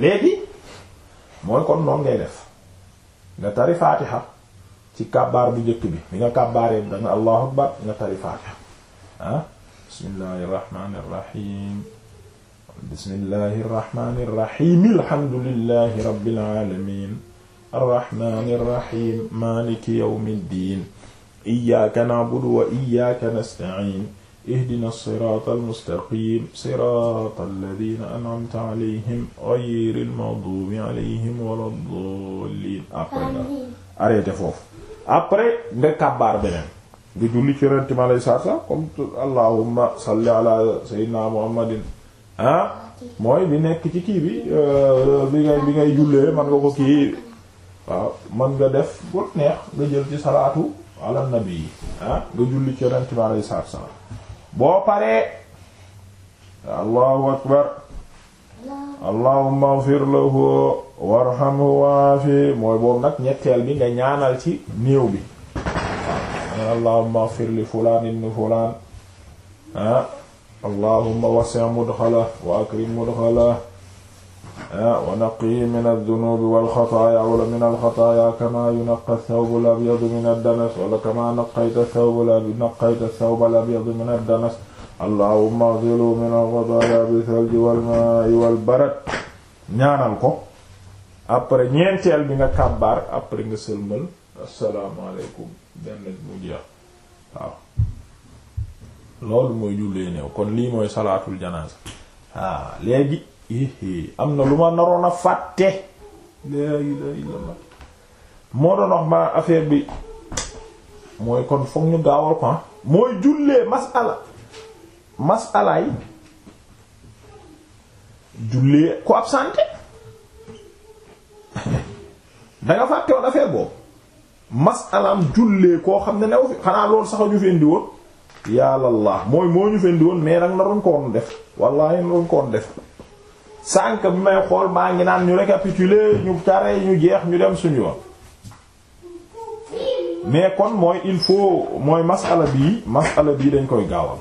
léegi mooy kon noonu ngay def nga tari faatiha ci kàbbaar bu njëkk bi bi nga kàbbaaree danga allahu akbar nga tari faatiha ah bismillahi irrahmani irrahim bismillahi irrahmani irrahim alhamdulillahi rabbil alamin arrahmani irrahim maliki yawmiddin iyyaka na'budu wa iyyaka nasta'in ihdina siratal mustaqim siratal ladina an'amta alayhim ghayril maghdubi alayhim waladdallin après nga arrêté ci yonent mi alayhi salaatu ah mooy bi nekk ci kii bi euh, bi ngay bi ngay jullee man nga ko kii waaw man nga def bu neex nga jël ci salaatu ala nabi ah, nga julli ci yonent mi alayhi salaatu boo paree allahu akbar allahumma ighfir lahu warhamhu waafi mooy boobu nag ñetteel bi nga ñaanal ci néew bi allahumma ighfir li fulaan ibn fulaan ah allahumma wasi' mudxala wa akrim mudxala Ah, wa naqii min aldunubi walxataaya wala min alxataaya kama yunaqqa thawbu labyadu min addanas wala kama naqayta thawbu naqayta thawba labyadu min addanas allahumma ghsilu min alxataaya bi thalji walmaa'i walbarad ñaanal ko après ñeenteel bi nga kàbbaar après nga sëlmal asalaamaaleykum benn mu jeex waaw loolu mooy jullee néew kon lii mooy salaatul janaasa waaw ah, léegi am na lu ma naroon a fàtte moo doon wax ma bi mooy kon foog ñu gaawal ko ah. mooy jullee masala masalaay jullee ku absenté danga fàtte woon affaire boobu masalaam jullee koo xam ne new fi xanaa loolu sax ñu fi indi mooy moo ñu fi indi nag naroon ko woon def wallaahi naroon ko woon def sànq bi may xool maa ngi naan ñu récapituler ñu carré ñu jeex ñu dem suñu yoon mais kon mooy il faut mooy masala bii masala bii dañ koy gaawal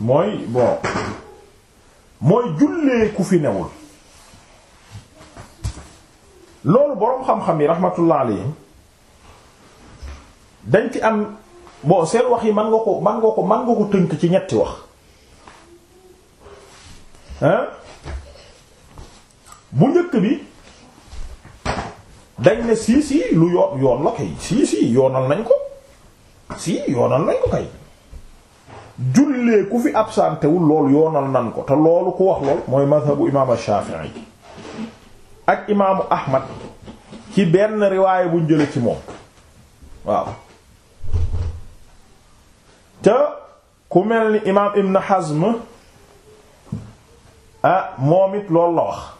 mooy bon mooy jullee ku fi newul loolu boroom xam-xam yi rahmatullah alayhi dañ ci am bon seen wax yi mën nga ko man nga ko man nga ko tënk ci ñetti wax bu njëkk bi dañ ne si si lu yoon yoon la kay si si yoonal nañ ko si yoonal nañ ko kay jullee ku fi absenté wul loolu yoonal nan ko te loolu ku wax lool mooy mazhabu imaamu Shaafi'i ak imaamu Ahmad ci benn riwaaya buñ jële ci moom waaw te ku mel ni imaam Ibn Hazm ah moom it loolu la wax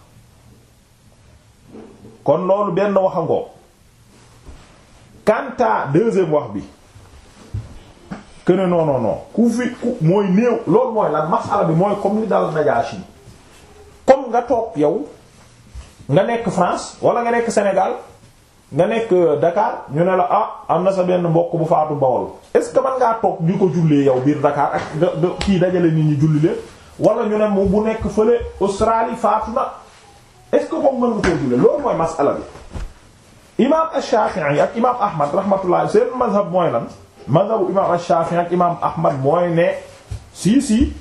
kon loolu benn waxangoo kanta deuxième wax bi que ne non non non ku fi ku mooy néew loolu mooy lan masala bi mooy comme ni dal Najaashi comme nga toog yow nga nekk France wala nga nekk Sénégal nga nekk euh, Dakar ñu ne la ah am na sa benn mbokk bu faatu Bawol est-ce que man ngaa toog ñu ko jullee yow biir Dakar ak nga kii dajale nit ñi julli leen wala ñu ne mu bu nekk fële Australie faatu na. est-ce que kooku mën nga koo jullee loolu mooy masala bi imaam Ash-Shafi'i ak imaam Ahmad rahmatullah seen mazhab mooy mooy ne si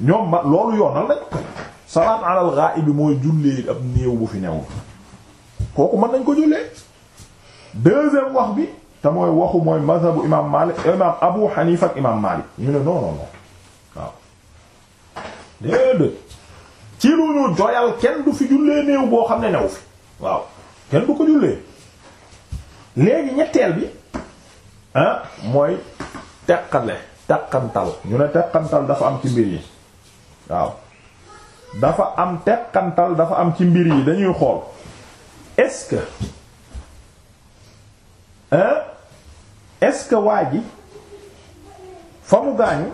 ñoom loolu yoonal lañ ko salaat al-ghaib bi mooy jullee ab néew bu fi newul kooku mën nañ ko jullee deuxième wax bi te mooy waxu mooy mazhabu imaam Abu Hanifa ak imaam Malik ñu ne non non non waaw ci lu ñu kenn du fi jullee néew boo xam ne new fi waaw kenn du ko jullee léegi ñetteel bi ah mooy teqale teqantal ñu ne teqantal dafa am ci mbir yi waaw dafa am teqantal dafa am ci mbir yi dañuy xool est-ce est-ce que waa ji fa mu gaañu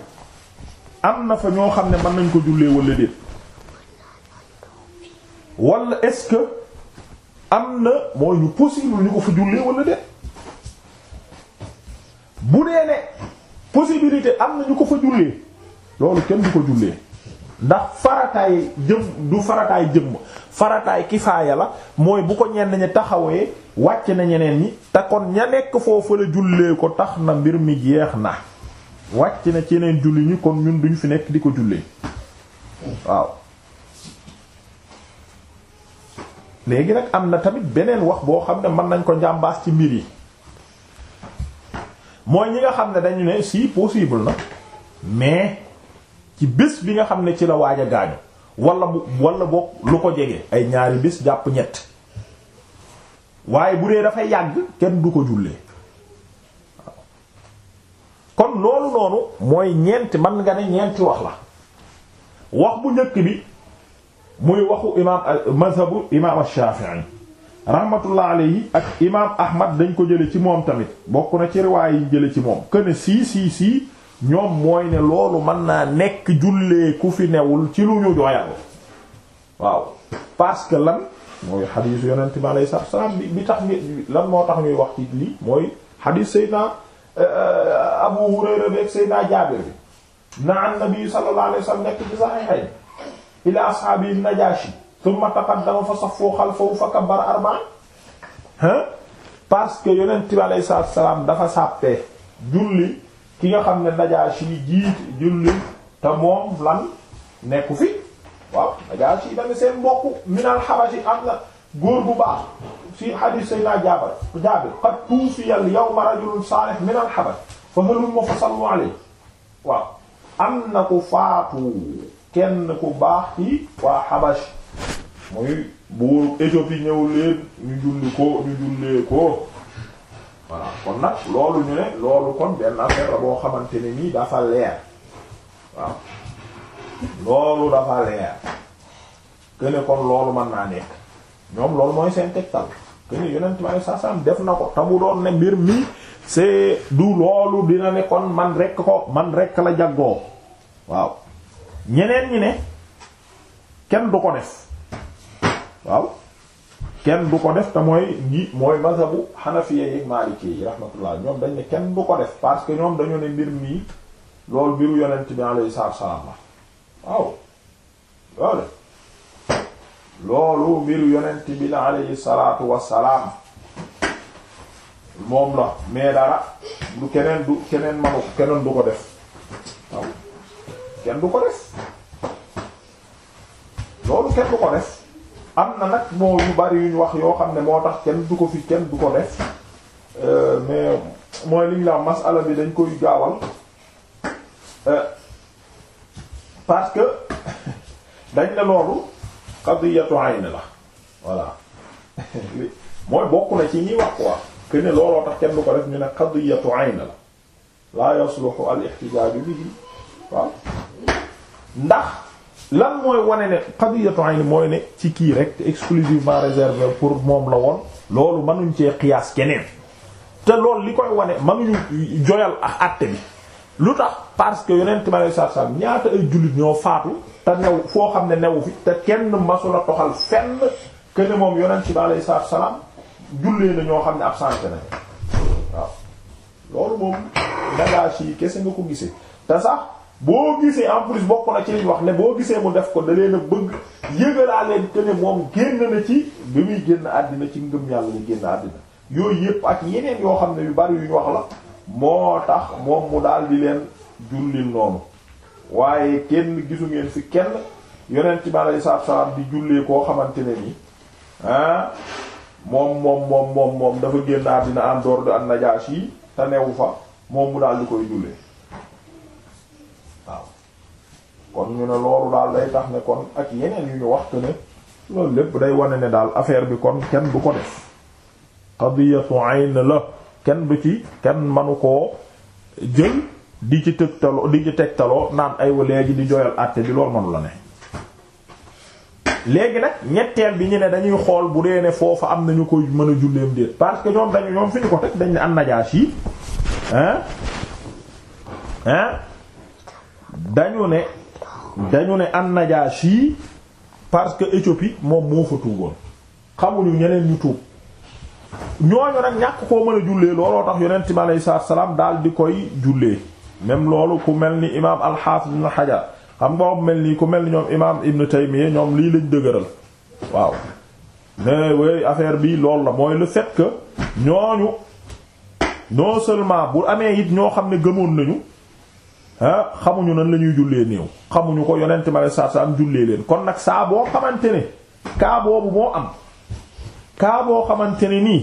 am na fa ñoo xam ne mën nañ ko jullee walla déet wala est-ce que am na mooy ñu possible ñu ko fa jullee wala déet bu dee ne possibilité am na ñu ko fa jullee loolu kenn du ko jullee ndax farataay jëm du farataay jëm farataay kifaaya la mooy bu ko ñenn ñi taxawee wàcc na ñeneen ñi te kon ña nekk foofu la jullee ko tax na mbir mi jeex na wàcc na ci yeneen julli ñi kon ñun duñu fi nekk di ko jullee waaw léegi nag am na tamit beneen wax boo xam ne mën nañ ko njàmbaas ci mbir yi mooy ñi nga xam ne dañu ne si possible na mais ci bés bi nga xam ne ci la waaj a gaañu wala bu wala boog lu ko jege ay ñaari bés jàpp ñett waaye bu dee dafay yàgg kenn du ko jullee kon loolu noonu mooy ñeenti man nga ne ñeenti wax la wax bu njëkk bi muy waxu imaam mazhabu imaam ash-Shafi'i rahmatullah alayhi ak imaam Ahmad dañ ko jële ci moom tamit bokk na ci riwaay yi jële ci moom que ne sii sii ñoom mooy ne loolu mën naa nekk jullee ku fi newul ci lu ñu doyal waaw parce que lan mooy xadiisu yonent bi alayhi salaatu salaam bi bi tax ni lan moo tax ñuy wax ci lii mooy xadiis Seydina euh, euh, Abu Hurayra bi ak Seydina Jaabir bi na an nabi sallallahu alayhi wasallam nekk ci saxiixayn ila ashaabi najaashi thumma taqaddama fa saffu xalfahu fa kabbara arba'a hein parce que yonent bi alayhi salaatu wa salaam dafa sàppee julli ki nga xam ne najaashi jiit julli te moom lan nekku fi waaw najaashi dañu seen mbokk minal xabashi am na góor bu baax fi hadith sayna Jaabir Jaabir qad tuwuffiya al-yawma rajulun saalih minal xabash fa halumma fa sallu alayhi waaw am na ku faatu kenn ku baax ci waa Habash muy buur Éthiopie ñëw leen ñu julli ko ñu jullee ko voilà kon nag loolu ñu ne loolu kon benn affaire la boo xamante ne nii dafa leer waaw loolu dafa leer kene kon loolu mën naa nekk ñoom loolu mooy seen tegtal kene yonent ma sa sam def na ko tamu doon ne mbir mi c'est du loolu dina ne kon man rekk ko man rekk la jaggoo waaw ñeneen ñi ne kenn du ko def waaw kenn du ko def te mooy ngi mooy mazhabu xanafiya yi maaliki yi rahmatullah ñoom dañ ne kenn du ko def parce que ñoom dañoo ne mbir mii loolu mbir yonent bi alayhi salaam la waaw loolu loolu mbiru salaatu wassalaam moom la mais dara du keneen du keneen manu keneen du ko def waaw kenn du ko def loolu kenn du ko def am na nag moo yu bari yuñ wax yoo xam ne moo tax kenn du ko fi kenn du ko def euh, mais mooy liñ la masala bi dañ koy gaawal euh, parce que dañ ne loolu qadiyatu ayn la voilà mooy bokk na ci ñi wax quoi que ne looloo tax kenn du ko def ñu ne qadiyatu ayn la laa yasluhu al ihtijaj bihi waaw ndax lan mooy wane ne qadiyatu ayn mooy ne ci kii rek exclusivement réservé pour moom la woon loolu mënuñ cee qiyaas keneen te loolu li koy wane mënuñu joyal ak àtte bi lu tax parce que yonent ma lay saab saab ñaata ay jullit ñoo faatu te new foo xam ne newu fi te kenn masula toxal fenn que ne moom yonent bi alayhi salaatu salaam jullee na ñoo xam ne absent na waaw loolu moom dagaas yi kese nga ko gisee te sax boo gisee en plus bokk na ci liñ wax ne boo gisee mu def ko da leen bëgg yëgalaa leen te moom génn na ci bi muy génn àddina ci ngëm yàlla la génn àddina yooyu yëpp ak yeneen yoo xam ne yu bari yu ñu wax la moo tax moom mu daal di leen jullil noonu waaye kenn gisu ngeen fi kenn yonent bi aleyhi salaatu salaam di jullee koo xamante ne ni ah moom moom moom moom moom dafa génn àddina en dehors de an Najaashi te newu fa moom mu daal di koy jullee kon ñu ne loolu daal day tax ne kon ak yeneen yu ñu waxtu ne loolu lépp day wane ne daal affaire bi kon kenn du ko def qadiyatu ayn la kenn du ci kenn manu koo jël di ci tëgtaloo di ci tegtaloo naan ay wa léegi di jooyal àtte bi loolu manu la ne léegi nag ñetteel bi ñu ne dañuy xool bu dee ne foofa am nañu koy mën a julleem déet parce que ñoom dañu ñoom fi ñu ko teg dañ ne an najaas yi hein hein dañu ne dañu ne an-Najaashi parce que Éthiopie moom moo fa tuuboon xamuñu ñeneen ñu tuub ñooñu nag ñàkk koo mën a jullee looloo tax yonent bi aleyhi salaam daal di koy jullee même loolu ku mel ni imaam al-Hafiz xam nga mel ni ku mel ni ñoom imaam Ibn Taymiyya ñoom lii lañ dëgëral waaw mais wéy affaire bi loolu la mooy le fait que ñooñu non seulement bu amee it ñoo xam ne gëmoon nañu. Ah, xamuñu nan lañuy ñuy jullee néew xamuñu ko yonent ma saa saa am jullee leen kon nag saa boo xamante ne kaa boobu moo am kaa boo xamante ne nii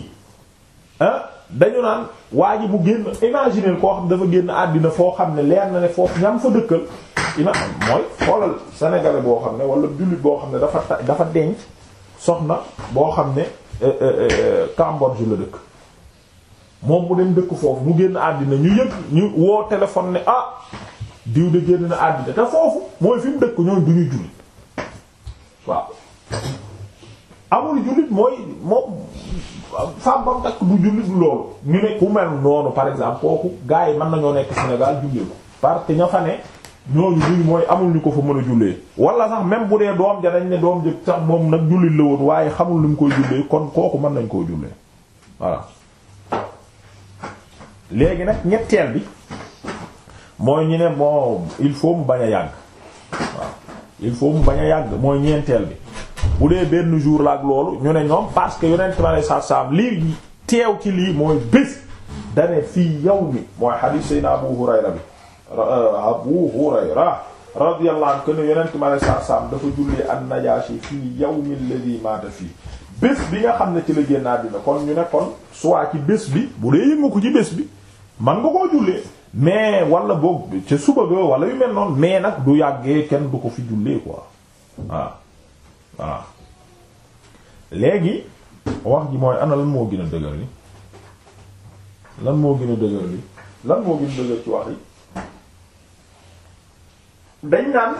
ah dañu naan waa bu génn imaginer koo xam dafa génn àddina foo xam ne leer na ne foofu ñam fa dëkkal ima mooy xoolal sénégalais boo xam ne wala jullit boo xam ne dafa dafa denc soxna boo xam ne eh, eh, eh, Cambodge la dëkk. moom mu dem dëkk foofu mu génn àddina ñu yëg ñu woo téléphone ne ah diw de génn na àddina te foofu mooy fi mu dëkk ñoom du ñu jullit waaw amul jullit mooy moom femme bam takk du jullit loolu ñu ne ku mel noonu par exemple kooku gaa yi mën nañoo nekk Sénégal jullee ko parce que ña fa ne ñooñu duñ mooy amul ñu ko fa mën a jullee wala sax même bu dee doom ja dañ ne doom ja sax moom nag jullit la woon waaye xamul lu mu koy jullee kon kooku mën nañ koo jullee voilà léegi nag ñetteel bi mooy ñu ne moo il faut mu bañ a yàgg waaw il faut mu bañ a yàgg mooy ñeenteel bi bu dee benn jour laa ak loolu ñu ne ñoom parce que yonent bi alei satu salaam lii teew ci lii mooy bés dane fii yow yawmi mooy hadith sayna Abu Hurayra bi euh, Abu Hurayra radiyallahu anhu ne yonent bi alei satu salaam dafa jullee an-Najashi fii yawmi alladhi mata fii bés bi nga xam ne ci la génn àddina kon ñu ne kon soit ci bés bi bu dee yëngu ko ci bés bi man nga koo jullee mais wala boog ca suba ga wala yu mel noonu mais nag du yàggee kenn du ko fi jullee quoi waaw waaw léegi wax ji mooy ana lan moo gën a dëgër li lan moo gën a dëgër li lan moo gën a dëgër ci wax yi dañ naan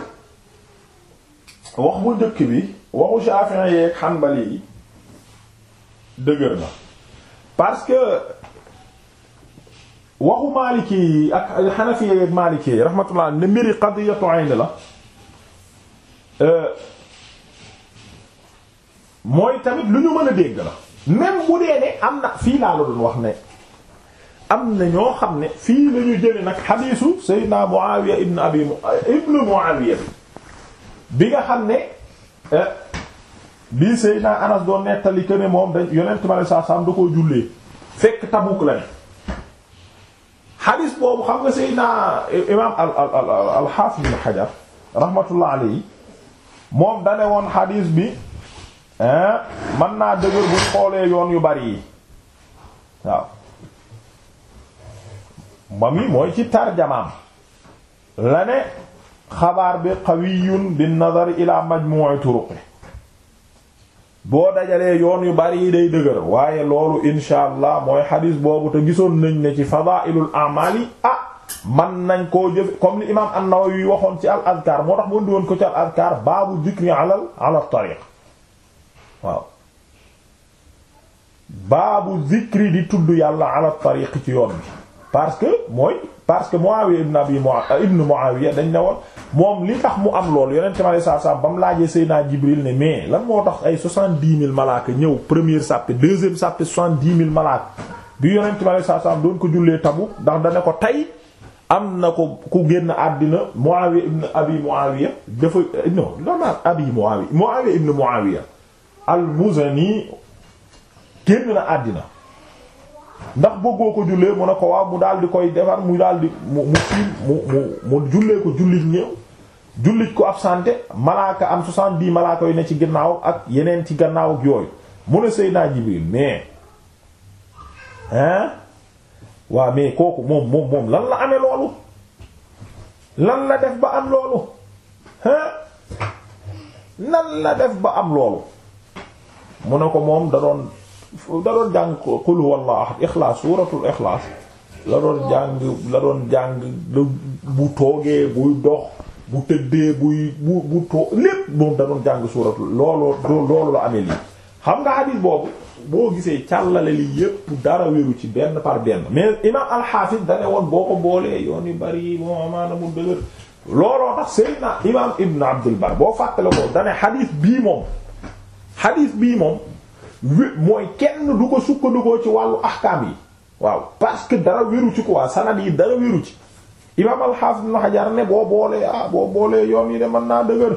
wax bu dëkk bi waxu Shafi'i yeeg Hanbali yi dëgër na parce que waxu Maliki yi ak Hanafi yi ak Maliki yi ne mbiri qadiyatu ayn euh, mooy tamit lu ñu mën a dégg la même am na fii laa la wax ne am na ñoo xam ne fii la ñu jëlee nag xadiisu Seydina Muawiya ibn Abi ibn Muawiya bi nga xam ne euh, bii Seydina Anas doon nettali que ne moom dañ yonent bi sallallahu alayhi wasallam da fekk Tabuk la xadis boobu xam nga Seydina imaam al al al al-Hafiz Ibn Hajar rahmatullah alayhi moom dane woon xadis bi mën naa dëgër bu xoolee yoon yu bari yi waaw ba mi mooy ci tarjamaam la ne xabaar bi qawiyun bin nazar ila majmu'i turuqi boo dajalee yoon yu bari yi day dëgër waaye loolu insha allah mooy xadiis boobu te gisoon nañ ne ci fadailul amal yi ah man nañ ko jëf comme li imam an-Nawawi waxoon ci al adkar moo tax mu indi woon ko ci al adkar baabu dikri alal ala tariq waaw baabu zikri di tudd yàlla ala tariq ci yoon bi parce que mooy parce que Muawiya ibn Abi euh, ibn Muawiya dañ ne woon moom li tax mu am loolu yonent ma lay saa saa ba mu laajee Seydina Jibril ne mais lan moo tax ay soixante-dix mille malaaka ñëw première sàppe deuxième sàppe soixante-dix mille malaaka bi yonent ma saa saa doon ko jullee tabu ndax dana ko tey am na ko ku génn àddina Muawiya ibn Abi Muawiya dafa euh, non non Abi Muawiya Muawiya ibn Muawiya al-Muzani génn na àddina. ndax bëggoo ko jullee mu ne ko waaw mu daal di koy defar mu daal di mu mu mu mu mu jullee ko jullit néew jullit ko absenté malaaka am soixante bii malaaka yu ne ci gannaaw ak yeneen ci gannaaw ak yooyu mu ne Seydina Jibril mais hein waa mais kooku moom moom lan la amee loolu lan la def ba am loolu hein nan la def ba am loolu mu ne ko moom da doon da doon jàng qul huwallahu ahad ixlaas la jàng la doon bu dox bu tëddee bu bu too jàng suuratul looloo amee lii xam nga hadith boobu boo gisee càllale li yépp dara wéru ci benn par benn mais imam alxaafis dane woon boo ko boolee yoon yu bari bo amaana mu dëgër looloo tax seydna imam ibn abdul bar boo fàttale ko dane xadis bii moom xadis bii moom mooy kenn du ko sukkandikoo ci wàllu ahkaam yi waaw parce que dara wéru ci quoi sanad yi dara wéru ci imaam al-Hafiz Ibn Hajar ne boo boolee ah boo boolee yoon yi de mën naa dëgër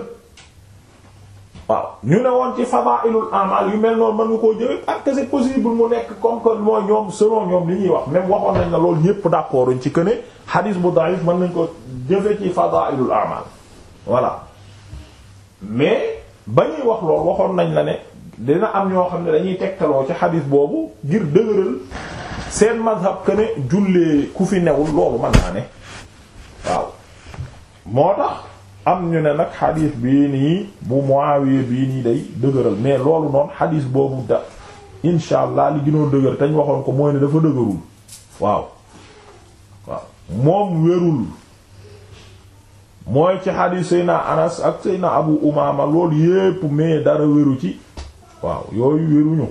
waaw ñu ne woon ci fadailul amal yu mel noonu mën nga koo jëlee parce que c'est possible mu nekk comme que mooy ñoom selon ñoom li ñuy wax même waxoon nañ la loolu ñépp d'accord ci que ne hadith bu da'if mën nañ ko jëfe ci fadailul amal voilà mais ba ñuy wax loolu waxoon nañ la ne. dina am ñoo xam ne dañuy tegtaloo ci xadiis boobu ngir dëgëral seen mazhab que ne jullee ku fi newul loolu mën naa ne waaw moo tax am ñu ne nag xadiis bii nii bu mois Muawiya bii nii day dëgëral mais loolu noonu xadiis boobu da insha li gënoon dëgër te ñu waxoon ko mooy ne dafa dëgërul waaw waaw moom wérul mooy ci xadiis naa Anas ak Seyna Abu Umaama loolu yépp mais dara wéru ci waaw yooyu wéruñu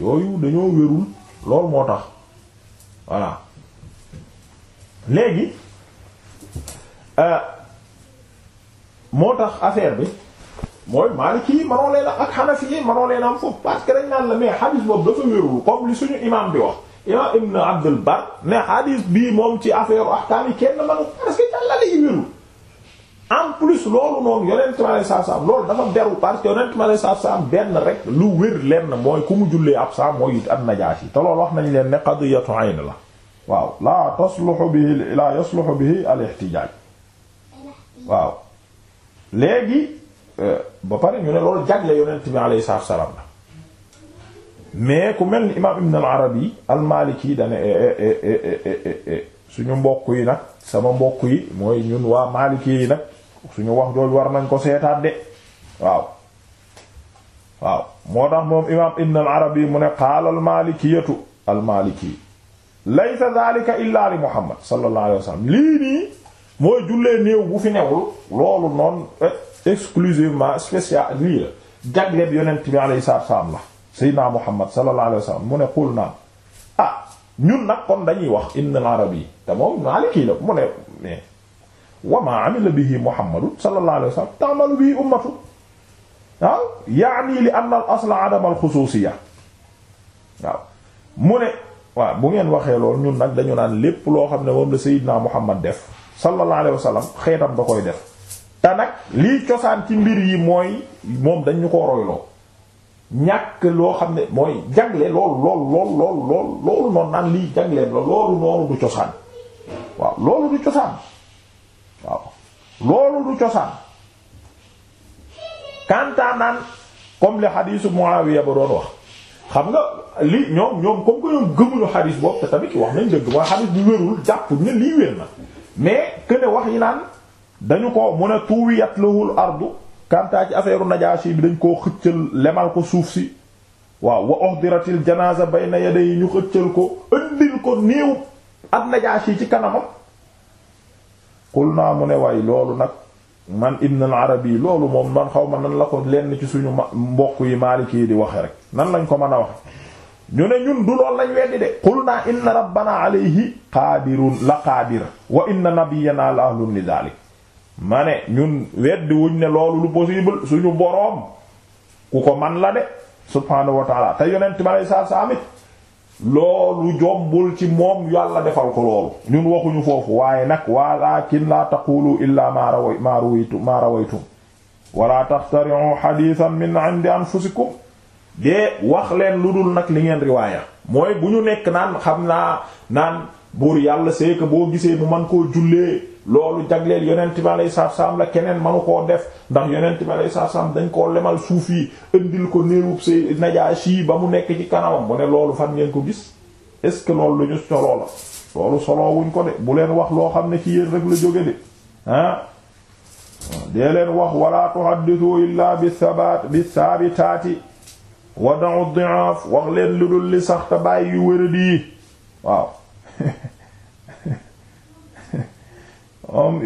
yooyu dañoo wérul loolu moo tax voilà léegi euh, moo tax affaire bi mooy Maliki kii manoo leen ak Hanafi yi manoo leen am foofu parce que dañ naan la mais hadith boobu dafa wérul comme li suñu imam bi wax imam Ibn Abdul Bar ne hadith bii moom ci affaire ahkaam yi kenn manu parce que jàllale yi wérul en plus loolu noonu yonent ma lay saabsaab loolu dafa beru parce que yonent ma lay saabsaab benn rek lu wér lenn mooy ku mu jullee ab saa mooy it an-Najaashi te loolu wax nañ leen ne qadiyatu ayn la waaw laa tasluhu bihi bi yasluhu bihi al-ihtijaaj waaw léegi euh, ba pare ñu ne loolu jagle yonent bi alayhi salaam la mais ku mel ni imaam Ibn al-Arabi al-Maliki dane eh, eh, eh, suñu mbokk yi nag sama mbokk yi mooy ñun waa suñu wax jooju war nañ ko seetaat de waaw waaw moo tax moom imaam ibn al arabi mu ne qaala al maalikiyatu al maaliki laysa dhalika illa li muhammad sallallahu alayhi wasallam lii nii mooy jullee néew bu fi newul loolu noonu eh, exclusivement spécial lii la jagleb yonent bi alayhi salaatu la sayyidina muhammad sallallahu alayhi wasallam mu ne qul naa ah ñun nag kon dañuy wax ibn al arabi te moom maaliki la mu ne wa ma amila bihi muhammadun sallallahu alayhi wa sallam ta'malu bihi ummatu waaw yaani li anna al asla adam al xusuusiya waaw mu ne waaw bu ngeen waxee lool ñun nag dañu naan lépp loo xam ne moom la sayyidina muhammad def sallallahu alayhi wa sallam xeetam da koy def te nag lii cosaan ci mbir yi mooy moom dañ ko royloo ñàkk loo xam ne mooy jagle lool lool lool lool loolu noonu naan lii jagleen la loolu du cosaan waaw loolu du cosaan waaw loolu du cosaan kantaanaan comme li xadiisu Muawiya ba doon wax xam nga li ñoom ñoom comme que ñoom gëmuñu xadiis boobu te tamit wax nañ dëgg mooy xadiis bi wérul jàpp ne lii wér na mais que wax yi naan dañu ko mun a tuwiyat lahul ardu kantaa ci affaire Najaasi bi dañ koo xëccal lemal ko suuf si waaw wa ohdiratil janaza bayna yaday ñu xëccal ko ëndil ko néew ak Najaasi ci kanamam xul naa mu waay loolu nag man Ibn al-Arabi loolu moom man xaw ma nan la ko lenn ci suñu mbokk yi maalikii di waxe rek nan lañ ko mën a wax ñu ne ñun du lool lañ weddi de qul naa inna rabbana alayhi qaadirun la qaadir wa inna nabiyyana la ahlun li daalik ma ne ñun weddi wuñ ne loolu lu possible suñu boroom ku ko man la de subhaanahu wa ta'ala te yonent ma lay saa saamit loolu jombul ci moom yàlla defal ko loolu ñun waxuñu foofu waaye nag walakin la taqulu illa ma rawa ma rawaytum ma rawaytum wala taxtari'u xaditan min indi anfusikum dee wax leen lu dul nag li ngeen riwaaya mooy bu ñu nekk naan xam naa naan buur yàlla c'est boo gisee mu man koo jullee loolu jagleel yonent bi alayhi salaatu salaam la keneen manu koo def ndax yonent bi alayhi salaatu dañ koo lemal suuf yi indil ko néewub say Najaashi ba mu nekk ci kanamam bu ne loolu fan ngeen ko gis est-ce que loolu lu ñu soloo la loolu soloo wuñ ko de bu leen wax loo xam ne ci yéen rek la jóge de ah dee leen wax wala tuhaddisu illaa bi sabaat bi saabitaati wada'u dhi'af wax leen lu dul li sax te bàyyi yu wéradi yi waaw moom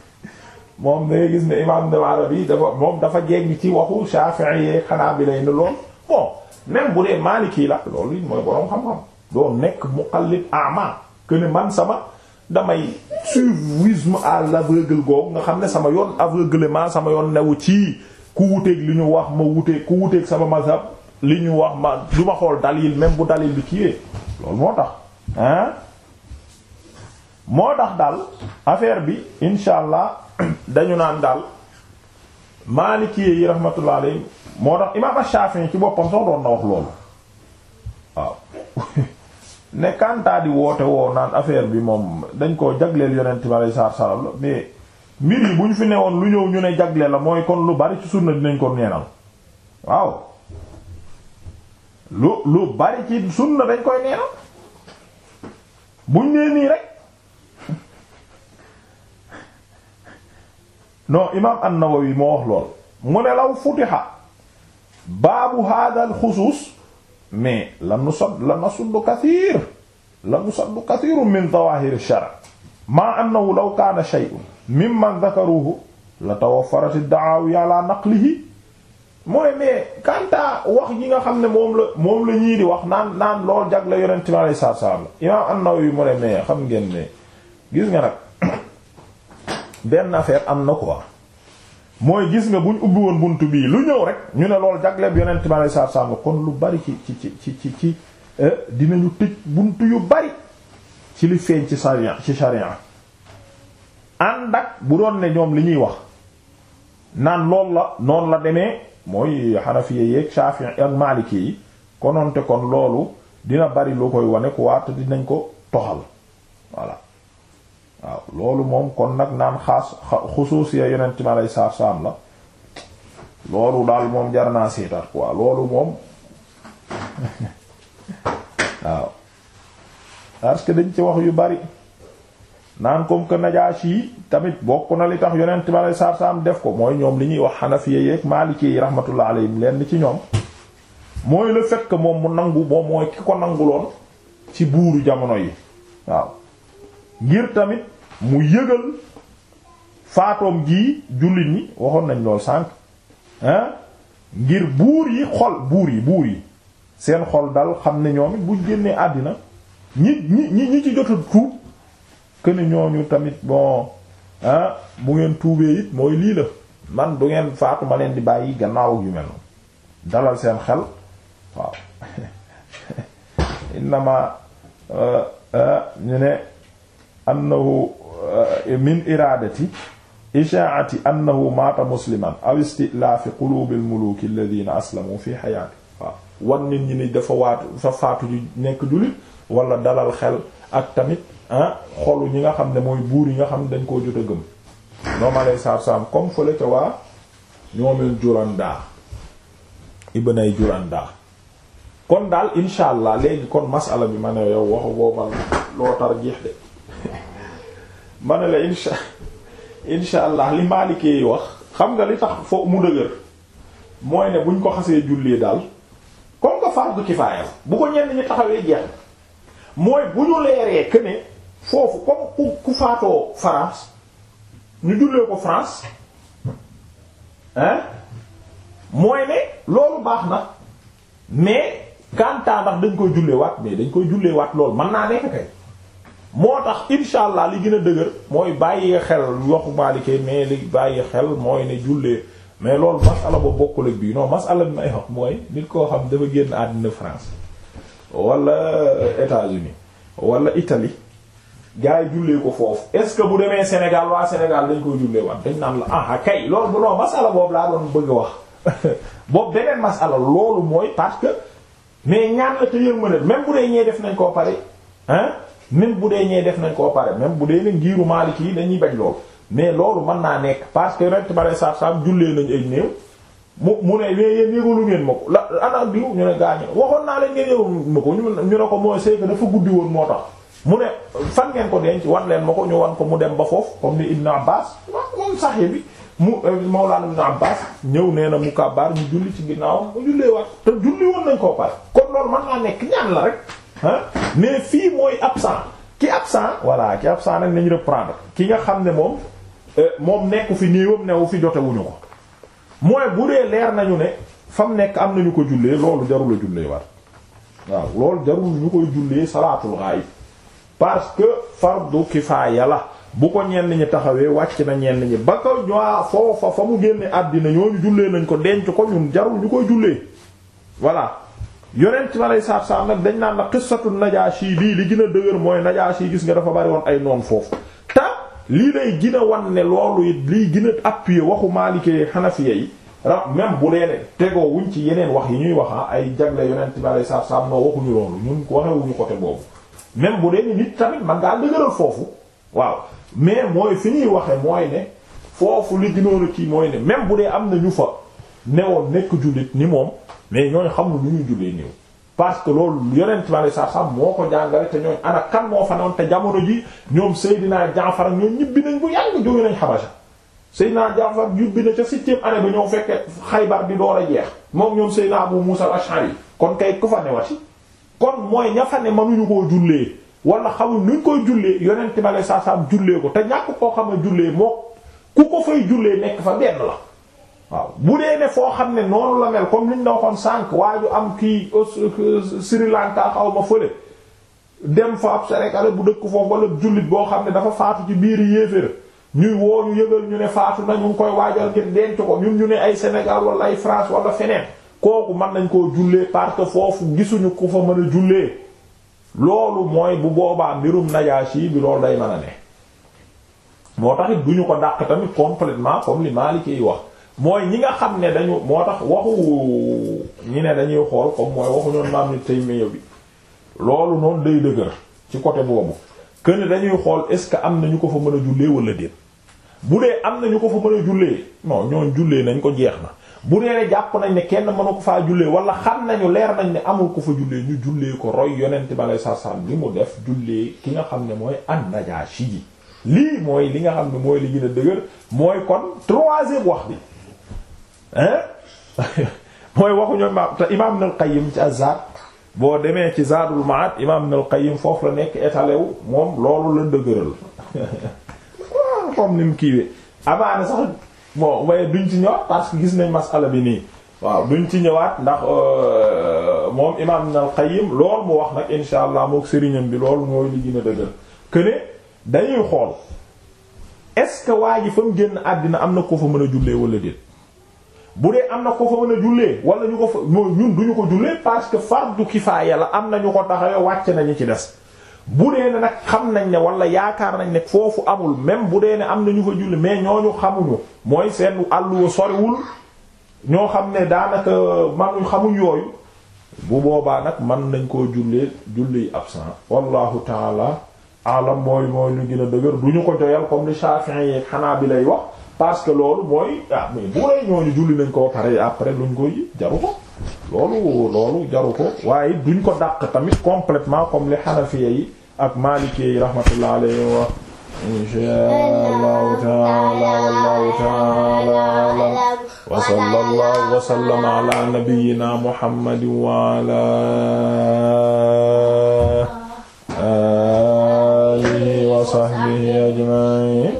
moom gis ne imam Ibn Arabi dafa moom dafa jéggi ci waxu Shafi'i yi xanaa bi lay ne lool bon même bu dee kii la loolu it mooy boroom xam-xam doo nekk muqallid ama que ne man sama damay suivisme al l'aveugle googu nga xam ne sama yoon aveuglement sama yoon newu ci ku wuteeg li ñu wax ma wuteeg ku wuteeg sama mazhab li ñu wax ma du ma xool dalil même bu dalil bi kiiwee loolu moo tax ah moo tax daal affaire bi insha allah dañu naan daal Maliki yi rahmatullah alayhi moo tax imaam Shafi'i ci boppam sax na wax loolu waaw ne kantaa di woote woo naan affaire bi moom dañ koo jagleel yonent bi alayhi salaatu salaam la mais mbir yi bu ñu fi newoon lu ñëw ñu ne jagleel la mooy kon lu bari ci sunna dinañ ko neenal waaw lu lu bari ci sunna dañ koy neenal buñ nee nii rek. non imaam an-Nawawi moo wax lool mu ne law futiha baabu hadha xusuus mais la nu sad la nasuddu kathir la nusaddu kathiru min zawahir ash-shar' ma annahu law kaana shay'un mimman dhakaruhu la tawaffarat ad-da'awi ala naqlihi mooy mais kanta wax yi nga xam ne moom la moom la ñii di wax naan naan lool jag la yonent bi alayhi salaam imaam an-Nawawi mu ne mais xam ngeen ne gis nga nag benn affaire am na quoi mooy gis nga buñ ubbi woon buntu bii lu ñëw rek ñu ne lool jagleel yonent bi alayhi salaatu salaam kon lu bari ci ci ci ci ci euh, dinañu tëj bunt yu bari ci li feeñ ci sharia ci sharia ànd ak bu doon ne ñoom li ñuy wax naan loolu la noonu la demee mooy xanafiye yeeg Shafi'i ak Maliki yi konoonte kon loolu dina bari loo koy wane ku waat dinañ ko toxal voilà. waaw loolu moom kon nag naan xaas xusuusiya yonent ma lay saaf la loolu daal moom jar naa seetar quoi loolu moom waaw parce que dañ ci wax yu bari naan comme que Najaashi yi tamit bokk na li tax yonent ma lay saaf def ko mooy ñoom li ñuy wax Hanafiya yeek Maliki yi rahmatullah alayhim leen ci ñoom mooy la fait moom mu nangu moom mooy ki ko nanguloon ci buuru jamono yi waaw. ngir tamit mu yëgal faatoom gi jullit ñi waxoon nañ lool sànq ngir buur yi xol buur yi buur yi seen xol dal xam ne ñoom it buñ génnee àddina ñi ñi ñi ci jot tuub que ñooñu tamit bon bu ngeen tuubee it mooy lii la man du ngeen faatu ma leen di bàyyi gannaaw yu mel noonu dalal seen xel waaw innama euh, euh, ñu ne. annahu eh, min iraadati ishaati annahu maata musliman aw istilaafi quluubil muluuki alladhiina aslamu fi hayaati waaw wan nit ñi ni dafa waatu fa faatu ju nekk jullit wala dalal xel ak tamit ah xolu ñi nga xam ne mooy buur yi nga xam ne dañ koo jot gëm ñoom saab-saab comme fële ca waa ñoomil Juranda ibnay Juranda kon daal insha allah léegi kon masala bi ma ne yow waxu boobal loo tarjiix de ma ne la insha insha allah li maalikee wax xam nga li tax fo mu dëgër mooy ne buñ ko xasee jullee daal comme que fardu kifaaya bu ko ñenn ñi taxawee jeex mooy bu ñu leeree que ne foofu comme ku faatoo France ñu jullee ko France hein mooy ne loolu baax na mais quant à ndax dañ koy jullee waat mais dañ koy jullee waat loolu mën naa nekk kay moo tax insha allah li gën a dëgër mooy bàyyi xel waxu maalikee mais li bàyyi xel mooy ne jullee mais loolu masala ba bokkul bii non masala bi may wax mooy nit koo xam dafa génn àddina France wala États-Unis wala Italie gars yi jullee ko foofu est-ce que bu demee Sénégal waa Sénégal dañ koy jullee waat dañ naan la ah, ah kay loolu non masala boobu laa doon bëgg a wax boobu beneen masala loolu mooy parce mais ñaan la te yërmande même bu dee ñee def nañ koo pare même bu dee ñee def nañ koo pare même bu dee ne ngiiru Maliki yi dañuy bañ loolu mais loolu man naa nekk parce que rent bare saab-saab jullee nañ ay néew mu mu ne mais yéen yëgalu ngeen ma ko la ana diw ñu ne gaañu waxoon naa leen ngeen yëgalu ma ko ñu ne ko mooy c'est que dafa guddi woon moo tax mu ne fan ngeen ko denc wan leen ma ko ñu wan ko mu dem ba foofu comme ni Ibn Abbas moom saxee bi mu euh, Mawlana Ibn Abbas ñëw nee na mu kàbbaar ñu julli ci ginnaawam mu jullee waat nañ koo pare kon loolu mën naa nekk ñaan rek mais fii mooy absent ki absent voilà ki absent nag nañu reprendre ki nga xam ne moom euh, moom nekku fi néewam newu fi jotewuñu ko mooy bu leer nañu ne fam nekk am nañu ko jullee loolu jarul a jullee war waaw loolu jarul ñu koy jullee salaatul ghaib parce que fardu kifaaya la bu ko ñenn ñi taxawee wàcc na ñenn ñi ba ko ñoo foofa fa mu génne àddina ñooñu jullee nañ ko denc ko ñun jarul ñu koy jullee voilà yonent bi aleyhi salaatu salaam nag dañ naan la qissatu Najaashi bii li gën a dëgër mooy Najaashi gis nga dafa bari woon ay noon foofu te lii lay gën a ne loolu it liy gën a appuyer waxu Maalikee Hanafiya yi ra même bu leen tegoo wuñ ci yeneen wax yi ñuy wax ah, ay jagle yonent bi aleyhi salaatu salaam noo waxuñu loolu ñun waxewuñu côté boobu même bu dee nit tamit man ngaa dëgëral foofu waaw mais mooy fi ñuy waxe mooy ne foofu li gënoon a kii mooy ne même bu dee am na ñu fa. newoon nekk jullit ni moom mais ñooñ xam lu ñuy jullee néew parce que loolu yonent bi alei satu salam moo ko jàngale te ñooñ ana kan moo fa newoon te jamono ji ñoom Seydina Jaafar ak ñoom ñibbi nañ bu yàgg jóge nañ Xabasa Seydina Jaafar yubbi na ca septième année bi ñoo fekkee Xaybar bi door a jeex moom ñoom naa Abu Muusa al-Ash'ari kon kay ku fa newati kon mooy ña fa ne mënuñu koo jullee wala xamul nuñ koy jullee yonent bi alei satu salam jullee ko te ñàkk koo xam ne jullee moo ku ko fay jullee nekk fa benn la waaw bu dee ne foo xam ne noonu la mel comme liñ la waxoon sànq waa ju am kii euh, Sri xaw ma fële dem fa ab Sénégalais bu dëkk foofu wala jullit boo xam ne dafa faatu ci biir yéeféra ñuy woo ñu yëgal ñu ne faatu nañu koy waajal ngir denc ko ñun ñu ne ay Sénégal wala ay France wala feneen kooku mën nañ koo jullee parce que foofu gisuñu ku fa mën a jullee loolu mooy bu boobaa mbirum Najaashi bi loolu day mën a ne moo taxit duñu ko dàq tamit complètement li Maliki wax mooy ñi nga xam ne dañu moo tax waxu ñi ne dañuy xool comme mooy waxu ñoon maam ni tey meyo bi loolu noonu day dëgër ci côté boobu que ne dañuy xool est ce que am na ñu ko fa mën a jullee wala déet bu dee am na ñu ko fa mën a jullee non ñoon jullee nañ ko jeex na bu dee jàpp nañ ne kenn mënu ko faa jullee wala xam nañu leer nañ ne amul ko fa jullee ñu jullee ko roy yonent ba lay sarsam li mu def jullee ki nga xam ne mooy an-Najaashi ji lii mooy li nga xam ne mooy li gën a dëgër mooy kon troisième wax bi mooy waxuñu imaam te imaam Ibnul Qayyim ci Zaad boo demee ci Zaadul Ma'aad imaam Ibnul Qayyim foofu la nekk étalé wu moom loolu la dëgëral waaw comme ni mu kiiwee amaana sax bon waaye duñ ci ñëwaat parce que gis nañ masala bi nii waaw duñ ci ñëwaat ndax euh, moom imaam Ibnul Qayyim loolu mu wax nag insha allah mook sëriñam bi loolu mooy li gën a dëgër que dañuy xool est waa ji fa mu génn àddina am na ko fa mën a jullee wala déet. bu dee am na ko fa mën a jullee wala ñu ko fa ñun duñu ko jullee parce que fardu kifaaya la am na ñu ko taxawee wàcce nañu ci des bu dee ne nag xam nañ ne wala yaakaar nañ ne foofu amul même bu dee ne am na ñu fa julli mais ñooñu xamuñu mooy seen àll àlluwa soriwul ñoo xam ne daanaka manuñ xamuñ yooyu bu boobaa nag mën nañ koo jullee julli absent wallahu taala alam mooy mooy lu gën a dëgër du ñu ko joyal comme li Shafi'i yi xanaa bi lay wax parce que loolu mooy ah mais bu rey ñooñu julli nañ ko pare après luñ koy jaru ko loolu loolu jaru ko waaye duñ ko dàq tamit complètement comme li xanafiya yi ak maliki yi rahmatullah alayhi wa insha allahu taala wallahu taala wa sallallahu wa sallama ala nabiyyina muhammadin wa ala alihi wa sahbihi ajma'in